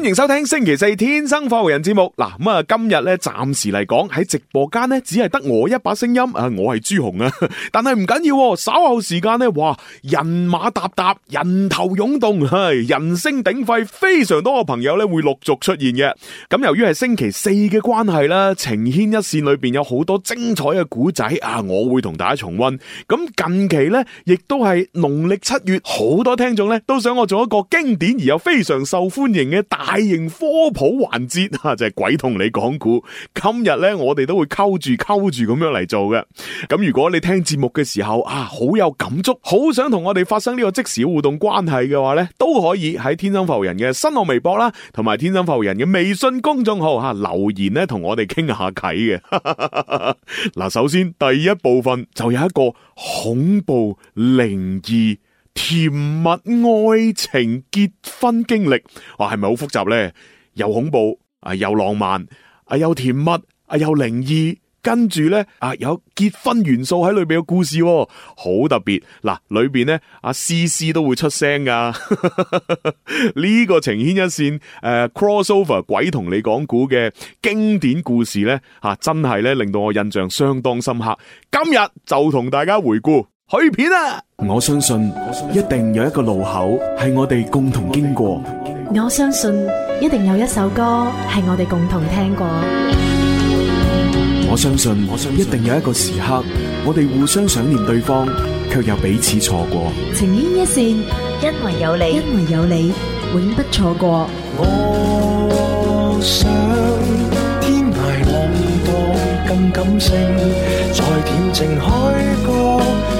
歡迎收聽星期四天生火人節目。嗱，咁啊，今日咧暫時嚟講喺直播間咧，只係得我一把聲音。啊，我係朱紅啊，但係唔緊要。稍後時間咧，哇，人馬踏踏、人頭湧動，係人聲鼎沸，非常多嘅朋友咧會陸續出現嘅。咁由於係星期四嘅關係啦，《靈牽一綫》裏邊有好多精彩嘅古仔啊，我會同大家重温。咁近期咧，亦都係農曆七月，好多聽眾咧都想我做一個經典而又非常受歡迎嘅大。大型科普環節啊，就係、是、鬼同你講故。今日呢，我哋都會溝住溝住咁樣嚟做嘅。咁如果你聽節目嘅時候啊，好有感觸，好想同我哋發生呢個即時互動關係嘅話呢，都可以喺天生浮人嘅新浪微博啦，同、啊、埋天生浮人嘅微信公眾號吓、啊、留言呢，同我哋傾下偈嘅。嗱，首先第一部分就有一個恐怖靈異。甜蜜愛情結婚經歷，話係咪好複雜呢？又恐怖啊，又浪漫啊，又甜蜜啊，又靈異，跟住呢，啊，有結婚元素喺裏邊嘅故事，哦，好特別。嗱，啊，裏邊咧，阿詩詩都會出聲噶。呢 個靈牽一線誒，呃，crossover 鬼同你講古嘅經典故事呢，吓，啊，真係咧令到我印象相當深刻。今日就同大家回顧。去片啊！我相信一定有一個路口係我哋共同經過。我相信一定有一首歌係我哋共同聽過。我相信一定有一個時刻，我哋互相想念對方，卻又彼此錯過。情牽一線，因為有你，因為有你，永不錯過。我想天涯浪蕩更感性，在恬靜海角。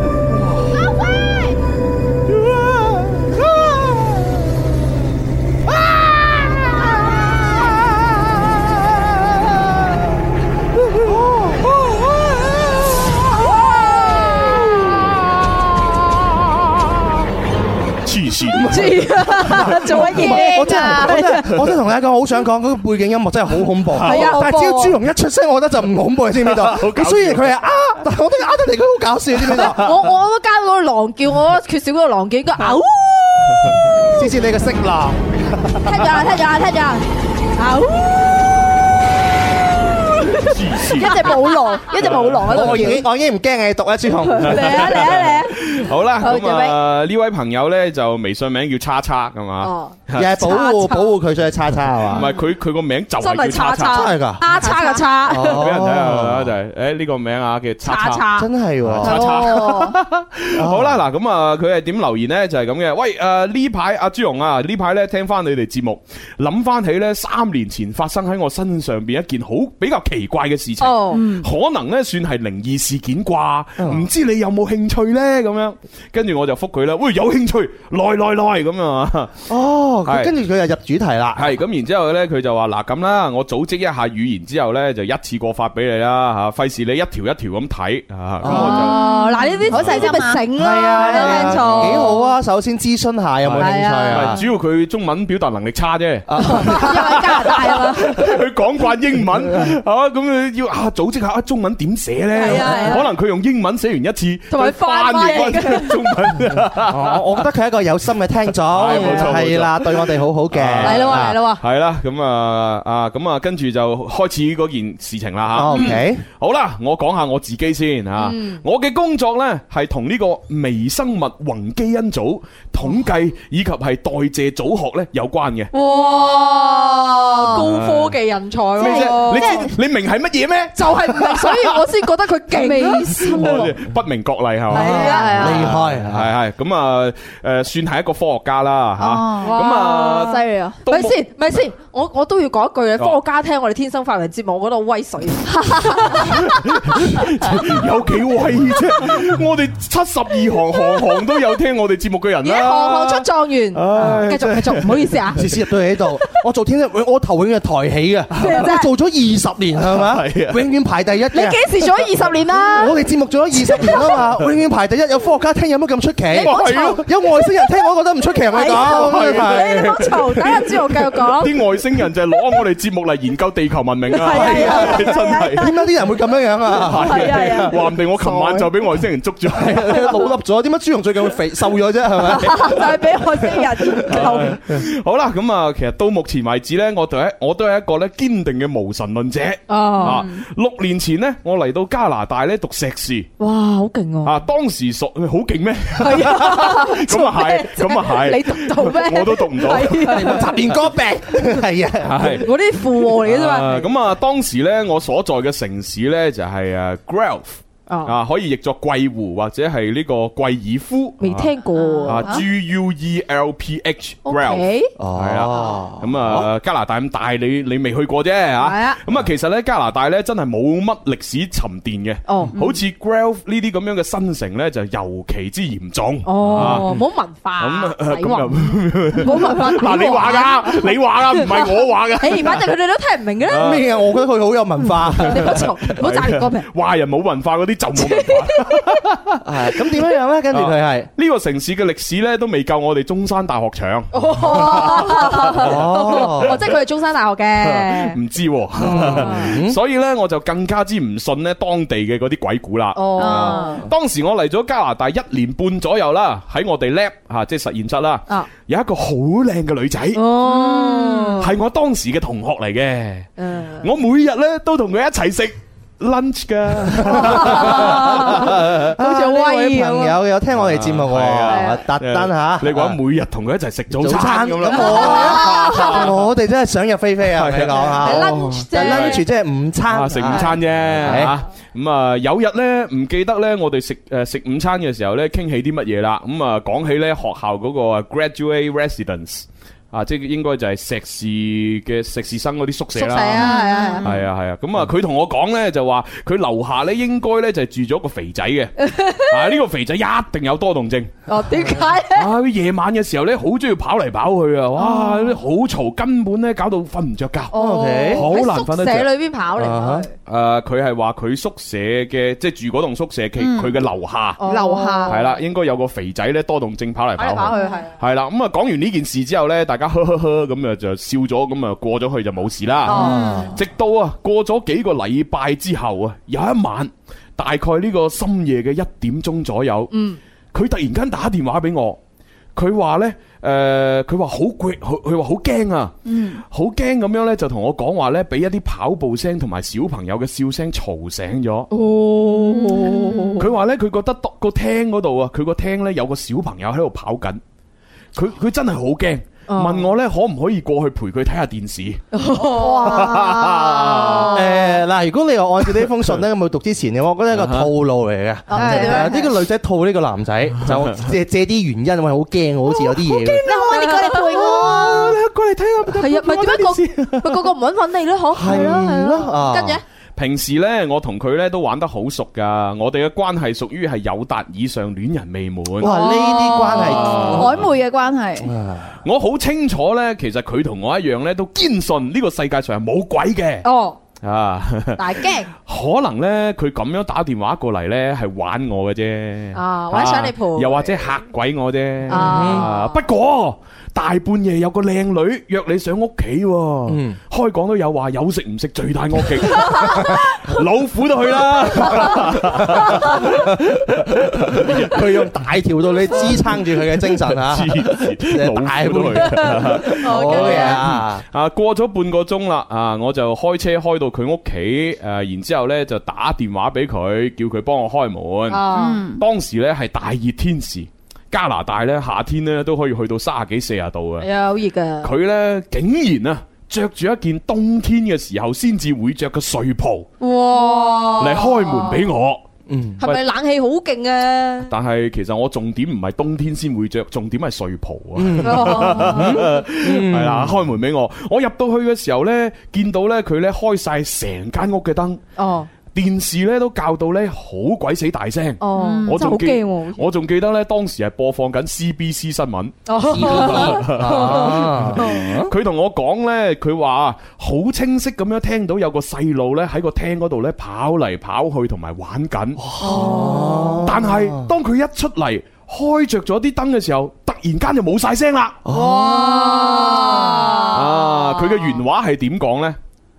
我都同你講，好想講嗰個背景音樂真係好恐怖。係啊，但係只要朱紅一出聲，我覺得就唔恐怖，知唔知道？雖然佢係啊，但係我都呃得嚟佢好搞笑，知唔知道？我我都加咗個狼叫，我缺少嗰個狼叫，個啊嗚！試試你嘅色狼。聽咗啦，聽咗啦，聽咗啦，啊嗚！一隻母狼，一隻母狼喺度叫。我已經，我已經唔驚你讀啦，朱紅。嚟啊嚟啊嚟啊！好啦，咁啊呢位朋友咧就微信名叫叉叉，咁啊。保護保護佢，所以叉叉係嘛？唔係，佢佢個名就係叉叉，真係噶阿叉嘅叉俾人睇下就係，誒呢個名啊叫叉叉，真係喎叉叉。好啦，嗱咁啊，佢係點留言呢？就係咁嘅。喂誒，呢排阿朱融啊，呢排咧聽翻你哋節目，諗翻起咧三年前發生喺我身上邊一件好比較奇怪嘅事情，可能咧算係靈異事件啩？唔知你有冇興趣咧？咁樣跟住我就復佢啦。喂，有興趣來來來咁啊？哦。跟住佢又入主題啦。係，咁然之後咧，佢就話嗱咁啦，我組織一下語言之後咧，就一次過發俾你啦嚇，費事你一條一條咁睇嚇。咁我就嗱呢啲，我直接咪醒咯。係啊，聽幾好啊！首先諮詢下有冇興趣啊？主要佢中文表達能力差啫。因為加拿大嘛，佢講慣英文嚇，咁啊要啊組織下中文點寫咧？可能佢用英文寫完一次，同埋翻譯嘅中文。我覺得佢係一個有心嘅聽眾，係啦。我哋好好嘅，嚟咯，嚟咯，係啦，咁啊，啊，咁啊，跟住就開始嗰件事情啦，吓，OK，好啦，我講下我自己先啊，我嘅工作咧係同呢個微生物宏基因組統計以及係代謝組學咧有關嘅，哇，高科技人才，你你明係乜嘢咩？就係唔明，所以我先覺得佢勁，不明覺厲，係嘛，係啊，厲害，係係咁啊，誒，算係一個科學家啦，吓，啊犀利啊，咪先咪先，我我都要講一句啊，科學家聽我哋天生發人節目，我覺得好威水，有幾威啫？我哋七十二行行行都有聽我哋節目嘅人啦，行行出狀元，繼續繼續，唔好意思啊，詩詩都喺度，我做天生我頭永遠係抬起嘅，即係做咗二十年係嘛，永遠排第一。你幾時做咗二十年啊？我哋節目做咗二十年啊嘛，永遠排第一，有科學家聽有乜咁出奇？有外星人聽我覺得唔出奇，我講我嘈，等下朱紅繼續講。啲外星人就係攞我哋節目嚟研究地球文明啊！係啊，真係。點解啲人會咁樣樣啊？係啊，話唔定我琴晚就俾外星人捉咗，老笠咗。點解朱紅最近會肥瘦咗啫？係咪？係俾外星人。好啦，咁啊，其實到目前為止咧，我都係我都係一個咧堅定嘅無神論者啊。六年前咧，我嚟到加拿大咧讀碩士。哇，好勁啊！啊，當時熟好勁咩？咁啊係，咁啊係。你讀到咩？我都讀。唔 啊，雜亂歌病係啊，係嗰啲附和嚟嘅啫嘛。咁 啊，當時咧我所在嘅城市咧就係、是、啊 Grove。啊，可以譯作貴湖或者係呢個貴爾夫，未聽過啊？G U E L P H Guelph，係啊，咁啊加拿大咁大，你你未去過啫吓，係啊。咁啊其實咧加拿大咧真係冇乜歷史沉澱嘅，哦，好似 Guelph 呢啲咁樣嘅新城咧就尤其之嚴重，哦，冇文化，咁冇文化，嗱你話㗎，你話啦，唔係我話㗎，誒，反正佢哋都聽唔明嘅啦，咩啊？我覺得佢好有文化，冇錯，冇炸裂歌名，壞人冇文化嗰啲。就冇啊！咁點樣樣咧？跟住佢係呢個城市嘅歷史咧，都未夠我哋中山大學長哦，即係佢係中山大學嘅，唔知，所以咧我就更加之唔信咧當地嘅嗰啲鬼故啦。哦，當時我嚟咗加拿大一年半左右啦，喺我哋 lab，吓，即係實驗室啦，有一個好靚嘅女仔，哦，係我當時嘅同學嚟嘅，嗯，我每日咧都同佢一齊食。Lunch 噶，好似威朋友有聽我哋節目喎，特登嚇。你話每日同佢一齊食早餐咁咯，我我哋真係想入非非啊！你講吓，就 lunch 即係午餐，食午餐啫嚇。咁啊有日咧唔記得咧，我哋食誒食午餐嘅時候咧，傾起啲乜嘢啦？咁啊講起咧學校嗰個 Graduate Residence。啊，即係應該就係碩士嘅碩士生嗰啲宿舍啦，係啊係啊，係啊係啊。咁啊，佢同我講咧就話，佢樓下咧應該咧就住咗個肥仔嘅，啊呢個肥仔一定有多動症。哦，點解？啊夜晚嘅時候咧，好中意跑嚟跑去啊！哇，好嘈，根本咧搞到瞓唔着覺，好難瞓得着。喺宿舍裏邊跑嚟跑去。誒，佢係話佢宿舍嘅，即係住嗰棟宿舍期，佢嘅樓下，樓下係啦，應該有個肥仔咧多動症跑嚟跑去，係啦。咁啊，講完呢件事之後咧，大呵呵呵，咁啊就笑咗，咁啊過咗去就冇事啦。Oh. 直到啊過咗幾個禮拜之後啊，有一晚大概呢個深夜嘅一點鐘左右，嗯，佢突然間打電話俾我，佢、呃 mm. 話呢，誒佢話好攰，佢佢話好驚啊，嗯，好驚咁樣呢，就同我講話呢，俾一啲跑步聲同埋小朋友嘅笑聲嘈醒咗。哦，佢話呢，佢覺得、個廳嗰度啊，佢、個廳呢，有個小朋友喺度跑緊，佢佢真係好驚。問我咧可唔可以過去陪佢睇下電視？誒哇，嗱、 欸，如果你又按照呢封信咧，冇 讀之前嘅，我覺得係一個套路嚟嘅。呢個女仔套呢個男仔，就借借啲原因，我係好驚，好似有啲嘢。驚啊！我揾你過嚟陪我，啊，過嚟睇下。係啊，咪點解個咪個唔揾翻你咧？好，啊。係咯係咯，跟住。平時呢，我同佢呢都玩得好熟噶，我哋嘅關係屬於係友達以上戀人未滿。哇，呢啲、哦、關係曖昧嘅關係，啊、我好清楚呢，其實佢同我一樣呢都堅信呢個世界上係冇鬼嘅。哦，啊，大驚，可能呢，佢咁樣打電話過嚟呢係玩我嘅啫。啊，玩上你陪、啊，又或者嚇鬼我啫。啊、不過。大半夜有個靚女約你上屋企喎，嗯、開講都有話有食唔食罪大惡極， 老虎都去啦。佢 用大條道理支撐住佢嘅精神嚇，大半夜。啊！啊 過咗半個鐘啦啊，我就開車開到佢屋企誒，然之後咧就打電話俾佢，叫佢幫我開門。嗯、當時咧係大熱天時。加拿大咧，夏天咧都可以去到三十幾四十度啊！係啊、哎，好熱噶。佢咧竟然啊，着住一件冬天嘅時候先至會着嘅睡袍，哇！嚟開門俾我，嗯，係咪是冷氣好勁啊？但係其實我重點唔係冬天先會着，重點係睡袍啊。係啦，開門俾我。我入到去嘅時候咧，見到咧佢咧開晒成間屋嘅燈。哦。電視咧都教到咧好鬼死大聲，哦、我仲記，我仲記得咧當時係播放緊 CBC 新聞，佢同我講呢，佢話好清晰咁樣聽到有個細路呢喺個廳嗰度呢跑嚟跑去同埋玩緊。啊、但係當佢一出嚟、啊、開着咗啲燈嘅時候，突然間就冇晒聲啦，啊！佢嘅原話係點講呢？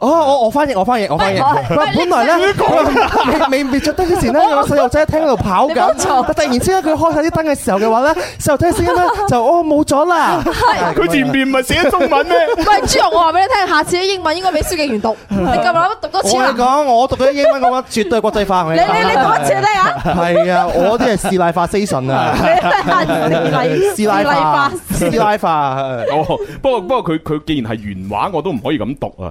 哦，我我翻譯，我翻譯，我翻譯。嗱，本來咧未着咗燈之前咧，有個細路仔喺廳度跑緊。錯。突然之間佢開晒啲燈嘅時候嘅話咧，細路仔聲音咧就哦冇咗啦。佢前面唔係寫中文咩？喂，朱紅，我話俾你聽，下次啲英文應該俾書記員讀。你咁諗，讀多次。我係講，我讀咗英文，嘅話絕對國際化。你你你講一次得啊？係啊，我啲係市立化 session 啊。市立市化市立化。不過不過佢佢既然係原話，我都唔可以咁讀啊。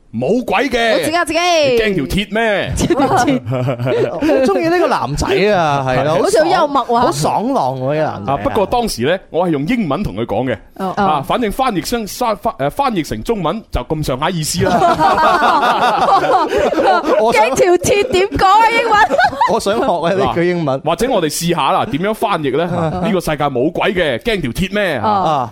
冇鬼嘅，自己。驚條鐵咩？中意呢個男仔啊，係咯，好似好幽默、好爽朗嗰個男啊，不過當時咧，我係用英文同佢講嘅，啊，反正翻譯成翻誒翻譯成中文就咁上下意思啦。驚條鐵點講啊？英文？我想學啊，你句英文，或者我哋試下啦，點樣翻譯咧？呢個世界冇鬼嘅，驚條鐵咩啊？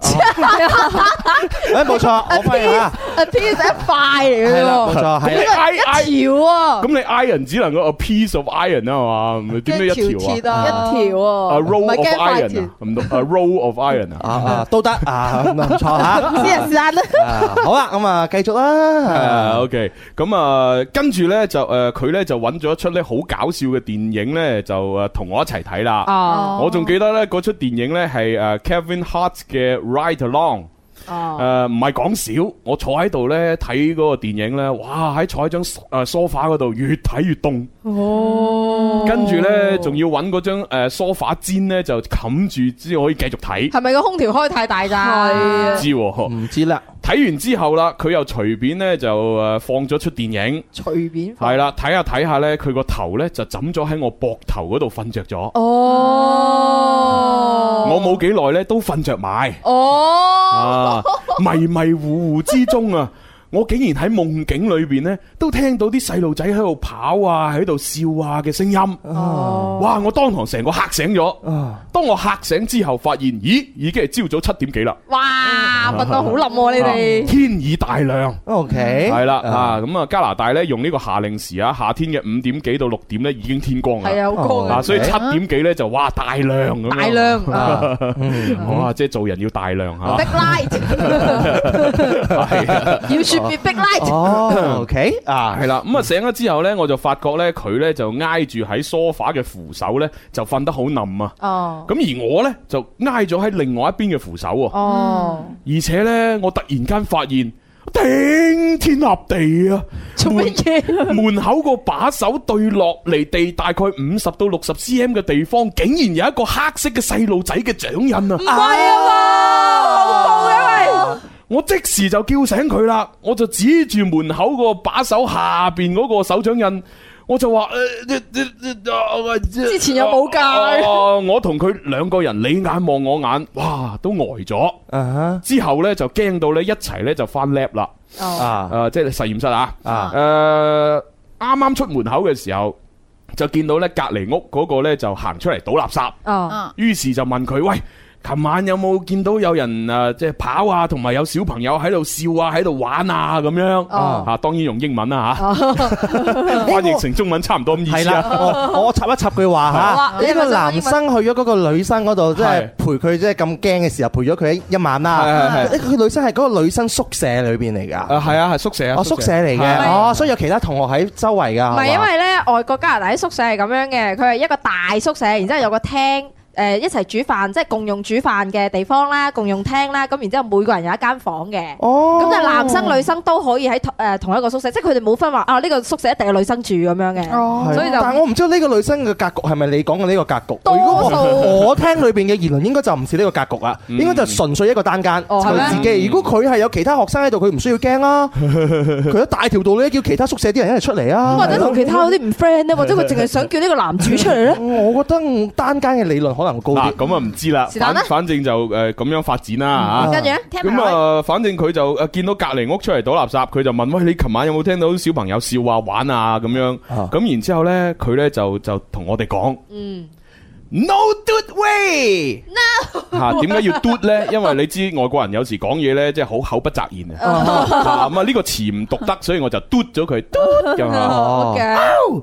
誒，冇錯，我發現吓，a piece 一塊嚟嘅喎，係啦，冇錯，係一條喎，咁你 iron 只能夠 a piece of iron 啊嘛，點解一條啊？一條啊，a roll of iron 啊？唔到 a roll of iron 啊，都得啊，冇錯啊，試下試下啦，好啦，咁啊，繼續啦，ok，咁啊，跟住咧就誒，佢咧就揾咗一出咧好搞笑嘅電影咧，就誒同我一齊睇啦，我仲記得咧嗰出電影咧係誒 Kevin Hart 嘅。Right along，誒唔係講笑，我坐喺度呢睇嗰個電影，呃越越 oh，呢，哇喺坐喺張誒 sofa 嗰度越睇越凍，哦、呃，跟住呢，仲要揾嗰張梳化氈呢，就冚住先可以繼續睇，係咪個空調開太大咋？啊、唔知、啊、唔知啦。睇完之後啦，佢又隨便呢就誒放咗出電影，隨便係啦，睇下睇下呢，佢個頭呢就枕咗喺我膊頭嗰度瞓着咗。哦，啊、我冇幾耐呢都瞓着埋。哦、啊，迷迷糊糊之中啊。 我竟然喺夢境裏邊呢，都聽到啲細路仔喺度跑啊，喺度笑啊嘅聲音。哇！我當堂成個嚇醒咗。當我嚇醒之後，發現咦，已經係朝早七點幾啦。哇！瞓到好冧喎，你哋天已大亮。O K 係啦，啊咁啊，加拿大咧用呢個夏令時啊，夏天嘅五點幾到六點咧已經天光啦。係啊，好光啊。所以七點幾咧就哇大亮大亮啊！哇！即係做人要大亮吓。大亮。要。Big Light。OK 啊，係啦，咁啊，醒咗之後呢，我就發覺呢，佢呢就挨住喺梳化嘅扶手呢，就瞓得好冧啊。哦，咁而我呢，就挨咗喺另外一邊嘅扶手啊。哦，oh. 而且呢，我突然間發現頂天立地啊，做乜嘢啊？門口個把手對落嚟，地大概五十到六十 cm 嘅地方，竟然有一個黑色嘅細路仔嘅掌印啊！唔怪、oh. 啊。Oh. 我即時就叫醒佢啦，我就指住門口個把手下邊嗰個手掌印，我就話：誒、呃，之前有冇介。我同佢兩個人你眼望我眼，哇，都呆咗。Uh huh. 之後呢，就驚到咧一齊呢，就翻 lab 啦。哦、uh，huh. 啊，即係實驗室啊。啊，啱啱、uh huh. 啊、出門口嘅時候，就見到呢隔籬屋嗰個呢，就行出嚟倒垃圾。哦，於是就問佢：喂。琴晚有冇見到有人啊？即係跑啊，同埋有小朋友喺度笑啊，喺度玩啊咁樣啊！啊，當然用英文啦嚇，翻譯成中文差唔多咁意思。啦，我插一插句話嚇，一個男生去咗嗰個女生嗰度，即係陪佢，即係咁驚嘅時候陪咗佢一晚啦。係係係，佢女生係嗰個女生宿舍裏邊嚟㗎。啊，係啊，係宿舍啊，我宿舍嚟嘅。哦，所以有其他同學喺周圍㗎。唔係因為咧，外國加拿大喺宿舍係咁樣嘅，佢係一個大宿舍，然之後有個廳。誒，一齊煮飯即係共用煮飯嘅地方啦，共用廳啦，咁然之後每個人有一間房嘅，咁就男生女生都可以喺誒同一個宿舍，即係佢哋冇分話啊呢個宿舍一定係女生住咁樣嘅，所以就但係我唔知呢個女生嘅格局係咪你講嘅呢個格局？多數如果我聽裏邊嘅言論應該就唔似呢個格局啦，應該就純粹一個單間，就係自己？如果佢係有其他學生喺度，佢唔需要驚啦，佢大條道理叫其他宿舍啲人一齊出嚟啊，或者同其他嗰啲唔 friend 咧，或者佢淨係想叫呢個男主出嚟咧？我覺得單間嘅理論。可能高啲，咁啊唔知啦。是但啦，反正就誒咁樣發展啦。跟住，咁啊，反正佢就誒見到隔籬屋出嚟倒垃圾，佢就問，喂，你琴晚有冇聽到小朋友笑話玩啊？咁樣，咁然之後咧，佢呢就就同我哋講，嗯，no dood way，no。吓，點解要 dood 咧？因為你知外國人有時講嘢呢，即係好口不擇言啊。咁啊，呢個詞唔讀得，所以我就 dood 咗佢。哦，Ow。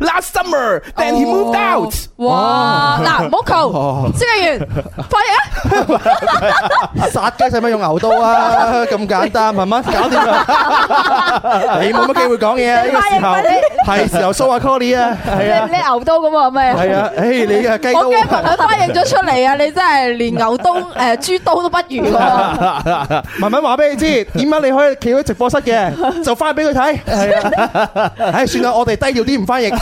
Last summer, then he moved out. 哇，嗱，唔好叫，設計員，發音啊！殺雞使乜用牛刀啊？咁簡單，文文搞掂啦！你冇乜機會講嘢啊！呢個時候係時候蘇下 Colly 啊！係啊！你牛刀咁啊？咩啊？係啊！誒，你啊雞刀！我驚佢翻譯咗出嚟啊！你真係連牛刀誒豬刀都不如喎！文文話俾你知，點解你可以企喺直播室嘅？就翻俾佢睇。係啊！誒，算啦，我哋低調啲，唔翻譯。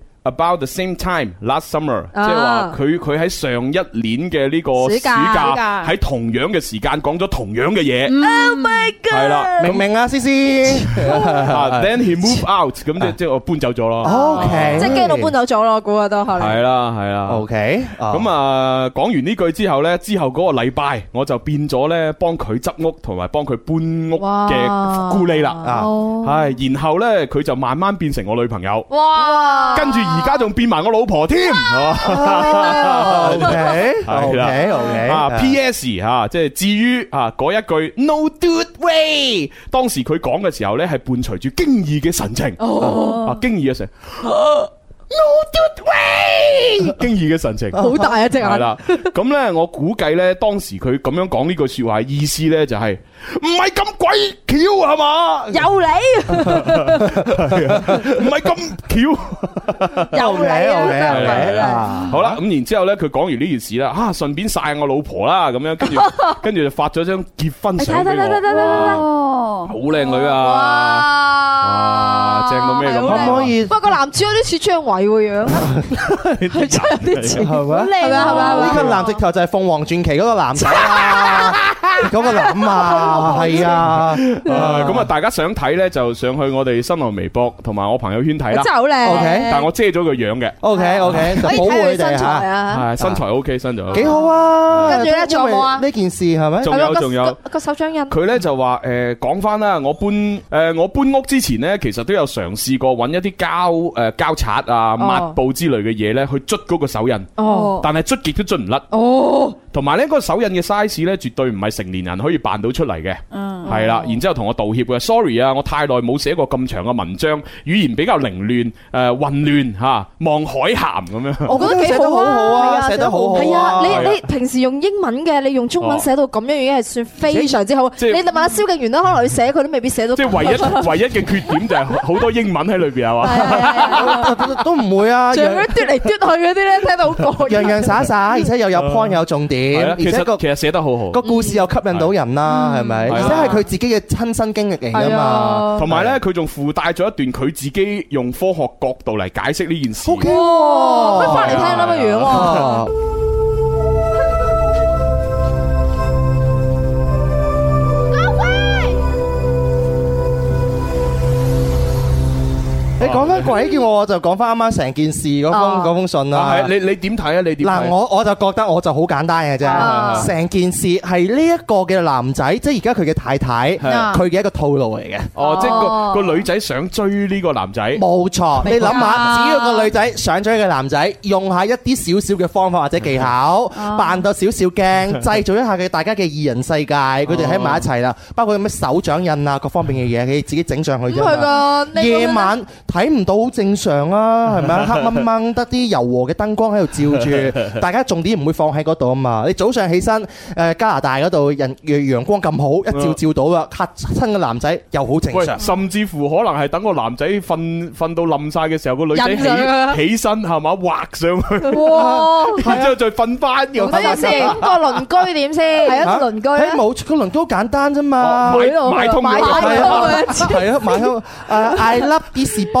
About the same time last summer，即係話佢佢喺上一年嘅呢個暑假喺同樣嘅時間講咗同樣嘅嘢。Oh my god！係啦，明唔明啊，思思？啊，then he move out，咁即即我搬走咗咯。OK，即係驚到搬走咗咯，估下都係。係啦係啦，OK。咁啊，講完呢句之後咧，之後嗰個禮拜我就變咗咧幫佢執屋同埋幫佢搬屋嘅咕喱啦。哦，係，然後咧佢就慢慢變成我女朋友。哇，跟住。而家仲變埋我老婆添，啊，OK，係啦，OK，PS 吓，即係、啊就是、至於吓嗰一句 No dude way，當時佢講嘅時候咧，係伴隨住驚異嘅神情，哦、啊驚異嘅神情，No dude way，驚異嘅神情，好大一隻眼，係啦，咁咧我估計咧，當時佢咁樣講呢句說話，意思咧就係、是。唔係咁鬼巧係嘛？有你，唔係咁巧，有你啊！係啊係啊！好啦，咁然之後咧，佢講完呢件事啦，吓順便曬我老婆啦，咁樣跟住跟住就發咗張結婚相俾我睇，哦，好靚女啊！正到咩咁？可唔可以？不過男主有啲似張偉個樣，佢真有啲似，好靚啊！係咪？呢個男直頭就係鳳凰傳奇嗰個男。咁嘅諗啊，係啊，咁啊，大家想睇咧就上去我哋新浪微博同埋我朋友圈睇啦。真係好靚，OK，但係我遮咗個樣嘅。OK，OK，保護佢哋嚇，係身材 OK，身材幾好啊。跟住咧仲有冇啊？呢件事係咪？仲有仲有個手掌印。佢咧就話誒講翻啦，我搬誒我搬屋之前咧，其實都有嘗試過揾一啲膠誒膠擦啊、抹布之類嘅嘢咧，去捽嗰個手印。哦。但係捽極都捽唔甩。哦。同埋咧，嗰個手印嘅 size 咧，絕對唔係成年人可以扮到出嚟嘅，係啦，然之後同我道歉嘅，sorry 啊，我太耐冇寫過咁長嘅文章，語言比較凌亂，誒混亂吓，望海涵咁樣。我覺得寫得好好啊，寫得好好。係啊，你你平時用英文嘅，你用中文寫到咁樣已經係算非常之好。你諗下蕭敬元都可能去寫，佢都未必寫到。即係唯一唯一嘅缺點就係好多英文喺裏邊係嘛。都唔會啊，樣樣嚟去啲咧，聽得好過。洋洋灑灑，而且又有 point 有重點，而且其實寫得好好，個故事又吸。吸引到人啦，係咪？而且係佢自己嘅親身經歷嚟噶嘛。同埋呢，佢仲附帶咗一段佢自己用科學角度嚟解釋呢件事。哇！咩翻嚟聽咁嘅樣啊？你講翻鬼叫我，我就講翻啱啱成件事嗰封封信咯。你你點睇啊？你點睇？嗱，我我就覺得我就好簡單嘅啫。成件事係呢一個嘅男仔，即係而家佢嘅太太，佢嘅一個套路嚟嘅。哦，即係個個女仔想追呢個男仔。冇錯，你諗下，只要個女仔想追呢個男仔，用下一啲少少嘅方法或者技巧，扮到少少驚，製造一下嘅大家嘅二人世界，佢哋喺埋一齊啦。包括有咩手掌印啊，各方面嘅嘢，你自己整上去啫。夜晚。睇唔到好正常啊，係咪啊？黑掹掹得啲柔和嘅燈光喺度照住，大家重點唔會放喺嗰度啊嘛。你早上起身，誒加拿大嗰度人陽陽光咁好，一照照到啦，黑親嘅男仔又好正常。甚至乎可能係等個男仔瞓瞓到冧曬嘅時候，個女仔起身係咪畫上去。哇！之後再瞓翻又係咪先？個鄰居點先？係啊，鄰居冇個鄰居好簡單啫嘛，買買通買通啊！係啊，買通誒，I love this boy。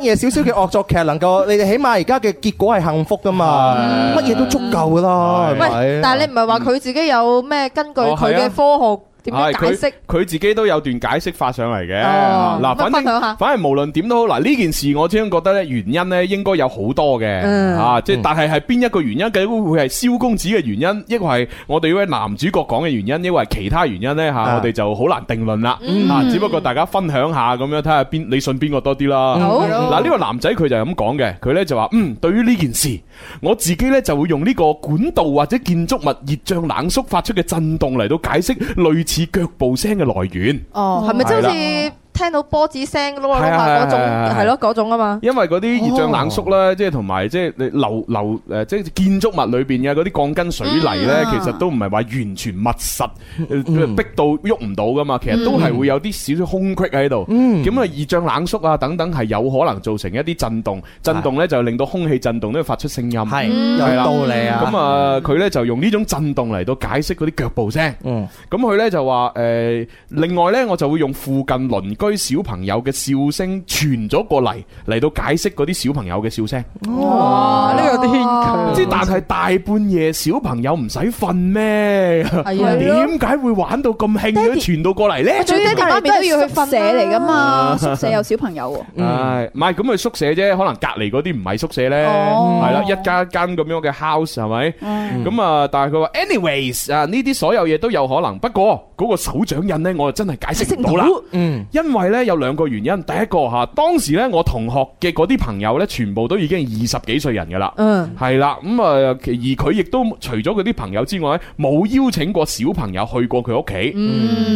嘢少少嘅惡作劇能夠 你起碼而家嘅結果係幸福噶嘛？乜嘢 都足夠噶啦。喂，但係你唔係話佢自己有咩 根據佢嘅科學。哦係佢佢自己都有段解釋發上嚟嘅。嗱、哦啊，反正反正無論點都好，嗱呢件事我先覺得咧，原因咧應該有好多嘅，吓、嗯，即係、啊、但係係邊一個原因嘅？會係蕭公子嘅原因，抑或係我哋呢位男主角講嘅原因，抑或係其他原因咧吓、啊啊，我哋就好難定論啦，吓、嗯，只不過大家分享下咁樣，睇下邊你信邊個多啲啦。嗱呢個男仔佢就咁講嘅，佢咧就話，嗯，對於呢件事，我自己咧就會用呢個管道或者建築物熱脹冷縮發出嘅震動嚟到解釋類似。以腳步聲嘅來源，哦，係咪即係好似是聽到波子聲咯嘛，嗰種係咯嗰種啊嘛。因為嗰啲熱脹冷縮咧，即係同埋即係樓樓誒，即係建築物裏邊嘅嗰啲鋼筋水泥咧，其實都唔係話完全密實，誒逼到喐唔到噶嘛。其實都係會有啲少少空隙喺度。咁啊，熱脹冷縮啊等等係有可能造成一啲震動，震動咧就令到空氣震動都會發出聲音。係有道理啊。咁啊，佢咧就用呢種震動嚟到解釋嗰啲腳步聲。咁佢咧就話誒，另外咧我就會用附近鄰居。小朋友嘅笑聲傳咗過嚟，嚟到解釋嗰啲小朋友嘅笑聲。哇，呢個啲！即係但係大半夜，小朋友唔使瞓咩？係啊，點解會玩到咁興都傳到過嚟咧？最爹哋媽咪都要去瞓舍嚟噶嘛？宿舍有小朋友。唉，唔係咁去宿舍啫，可能隔籬嗰啲唔係宿舍咧。係啦，一家一間咁樣嘅 house 係咪？咁啊，但係佢話，anyways 啊，呢啲所有嘢都有可能。不過嗰個手掌印咧，我真係解釋唔到啦。嗯，因為。係咧，有兩個原因，第一個吓，當時咧我同學嘅嗰啲朋友咧，全部都已經二十幾歲人噶啦，係啦，嗯，咁啊，嗯，而佢亦都除咗佢啲朋友之外，冇邀請過小朋友去過佢屋企，咁，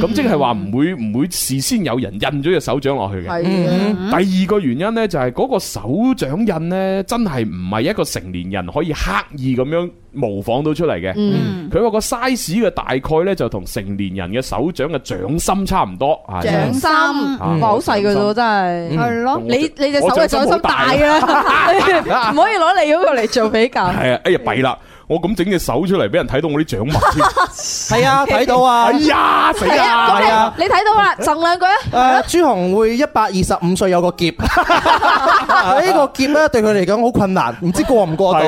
嗯，即係話唔會唔，嗯，會事先有人印咗隻手掌落去嘅。的嗯，第二個原因咧，就係嗰個手掌印咧，真係唔係一個成年人可以刻意咁樣模仿到出嚟嘅。佢話，嗯嗯，個 size 嘅大概咧，就同成年人嘅手掌嘅掌心差唔多，嗯，掌心的。唔係好細佢啫，真係係咯，你你隻手嘅掌心大啊，唔可以攞你嗰個嚟做比較。係啊，哎呀弊啦，我咁整隻手出嚟，俾人睇到我啲掌紋。係啊，睇到啊，哎呀死啦，你睇到啦，贈兩句啊。誒朱紅會一百二十五歲有個劫。呢個劫咧對佢嚟講好困難，唔知過唔過到。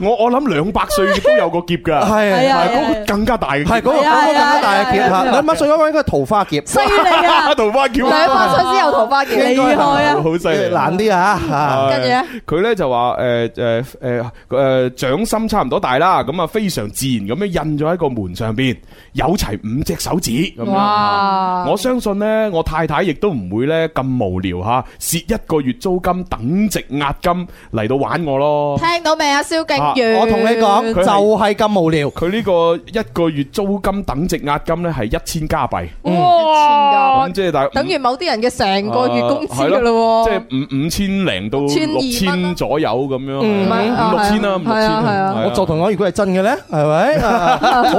我我諗兩百歲亦都有個劫嘅，係係嗰個更加大嘅，係嗰個更加大嘅劫啦。兩百歲嗰個應該桃花劫，犀利啊！桃花劫，兩百歲先有桃花劫，厲害啊！好細，懶啲啊！啊，跟住咧，佢咧就話誒誒誒誒掌心差唔多大啦，咁啊非常自然咁樣印咗喺個門上邊，有齊五隻手指咁樣。我相信咧，我太太亦都唔會咧咁無聊嚇，蝕一個月租金。等值押金嚟到玩我咯，聽到未啊，蕭敬源？我同你講，就係咁無聊。佢呢個一個月租金等值押金咧，係一千加幣，哇！即係大等於某啲人嘅成個月工資噶咯，即係五五千零到六千左右咁樣，五六千啦，六千。我就同你講，如果係真嘅咧，係咪？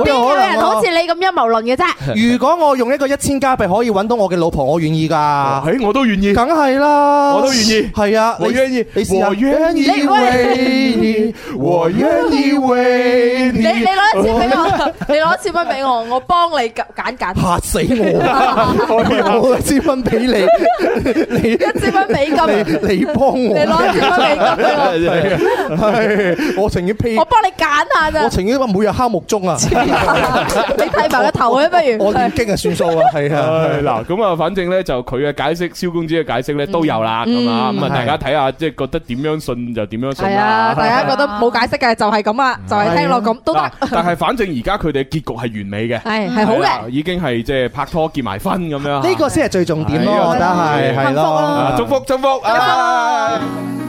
邊有人好似你咁樣陰謀論嘅啫？如果我用一個一千加幣可以搵到我嘅老婆，我願意噶。誒，我都願意。梗係啦，我都願意，係啊。我願意，我願意為你，我願意為你。你你攞支俾我，你攞支蚊俾我，我幫你揀揀。嚇死我！我攞支蚊俾你，你一支蚊美金，你你幫我，你攞支蚊俾我。係，我情願批。我幫你揀下咋？我情願話每日敲木鐘啊！你剃埋個頭啊？不如我先激下算數啊！係啊。嗱，咁啊，反正咧就佢嘅解釋，蕭公子嘅解釋咧都有啦，咁啊。大家睇下，即係覺得點樣信就點樣信啦。大家覺得冇解釋嘅就係咁啊，就係聽落咁都得。但係反正而家佢哋結局係完美嘅，係係好嘅，已經係即係拍拖結埋婚咁樣。呢個先係最重點咯，我覺得係幸福咯，祝福祝福啊！拜拜。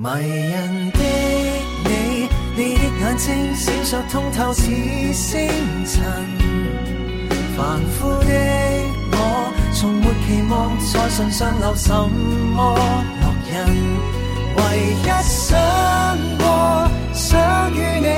迷人的你，你的眼睛閃爍通透似星辰。凡夫的我，從沒期望在唇上留什麼烙印。唯一想過，想與你。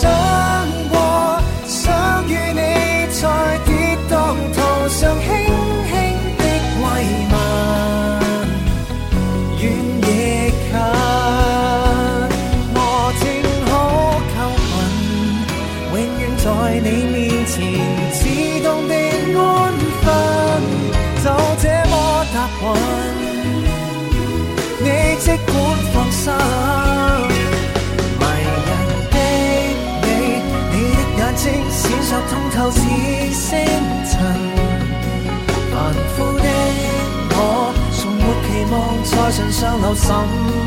想過，想與你在跌宕途上輕輕的慰問，遠亦近，我正好靠近，永遠在你面前自動地安分，就這麼答允，你即管放心。星閃爍通透似星辰。凡夫的我從沒期望在唇上留什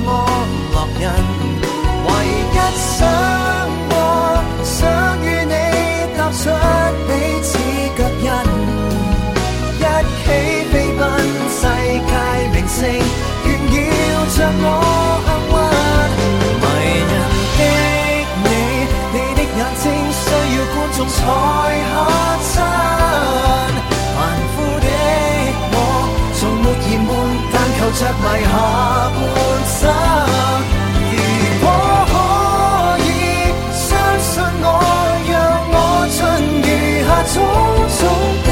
麼烙印。唯一想過，想與你踏出彼此腳印，一起飛奔世界名勝，炫耀着我。仲才下親，頑固的我從沒嫌悶，但求着迷下半生。如果可以，相信我，讓我盡餘下種種。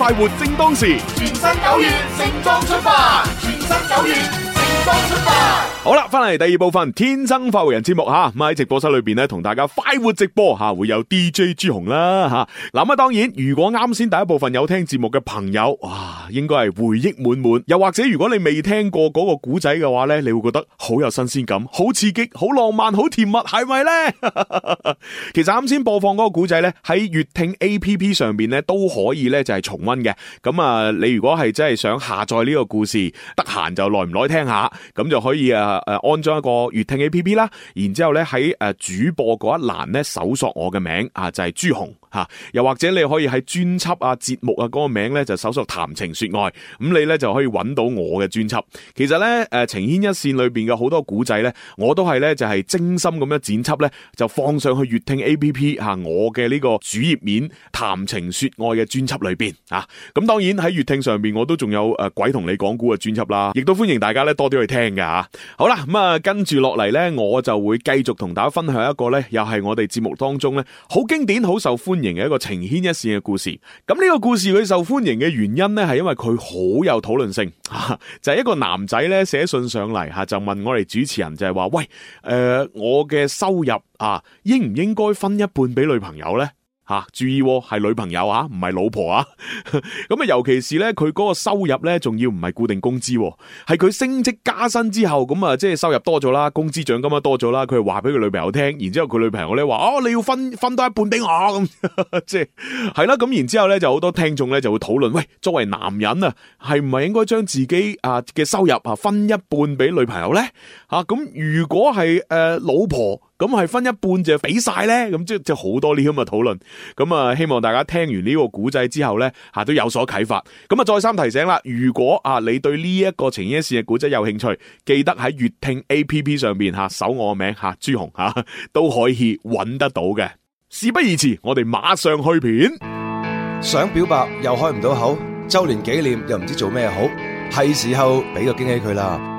快活正當時，全新九月盛裝出發。全新九月盛裝出發。好啦，翻嚟第二部分《天生快活人》節目吓，咁、啊、喺直播室裏邊咧，同大家快活直播吓，會有 DJ 朱紅啦吓。嗱咁啊，當然，如果啱先第一部分有聽節目嘅朋友，哇、啊，應該係回憶滿滿，又或者如果你未聽過嗰個古仔嘅話咧，你會覺得好有新鮮感、好刺激、好浪漫、好甜蜜，係咪咧？ 其實啱先播放嗰個古仔咧，喺粵聽 APP 上邊咧都可以咧就係重溫嘅。咁啊，你如果係真係想下載呢個故事，得閒就耐唔耐聽下，咁就可以啊。誒誒，安裝一個粵聽 A P P 啦，然之後咧喺誒主播嗰一欄咧搜索我嘅名啊，就係朱紅。吓，又或者你可以喺專輯啊、節目啊嗰個名咧就搜索《談情說愛》，咁你咧就可以揾到我嘅專輯。其實咧，誒、呃《靈牽一線》裏邊嘅好多古仔咧，我都係咧就係精心咁樣剪輯咧，就放上去樂聽 A P P 吓我嘅呢個主頁面《談情說愛》嘅專輯裏邊。吓，咁當然喺樂聽上邊我都仲有誒、呃《鬼同你講古》嘅專輯啦，亦都歡迎大家咧多啲去聽嘅吓、啊。好啦，咁啊跟住落嚟咧，我就會繼續同大家分享一個咧，又係我哋節目當中咧好經典、好受歡。型嘅一個靈牽一線嘅故事，咁呢個故事佢受歡迎嘅原因咧，係因為佢好有討論性， 就係一個男仔咧寫信上嚟，吓，就問我哋主持人就係話，喂，誒、呃，我嘅收入啊，應唔應該分一半俾女朋友咧？吓、啊，注意係、哦、女朋友啊，唔係老婆啊。咁啊，尤其是咧，佢嗰個收入咧，仲要唔係固定工資，係佢升職加薪之後，咁啊，即係收入多咗啦，工資獎金啊多咗啦。佢話俾佢女朋友聽，然之後佢女朋友咧話：哦，你要分分多一半俾我咁，即係係啦。咁然之後咧就好多聽眾咧就會討論：喂，作為男人啊，係唔係應該將自己啊嘅收入啊分一半俾女朋友咧？吓、啊，咁如果係誒、呃、老婆？咁係分一半就俾晒呢。咁即即好多呢咁嘅討論。咁啊，希望大家聽完呢個古仔之後呢，吓，都有所啟發。咁啊，再三提醒啦，如果啊你對呢一個靈牽一線嘅古仔有興趣，記得喺粵聽 A P P 上邊吓，搜我名吓，朱紅吓，都可以揾得到嘅。事不宜遲，我哋馬上去片。想表白又開唔到口，周年紀念又唔知做咩好，係時候俾個驚喜佢啦。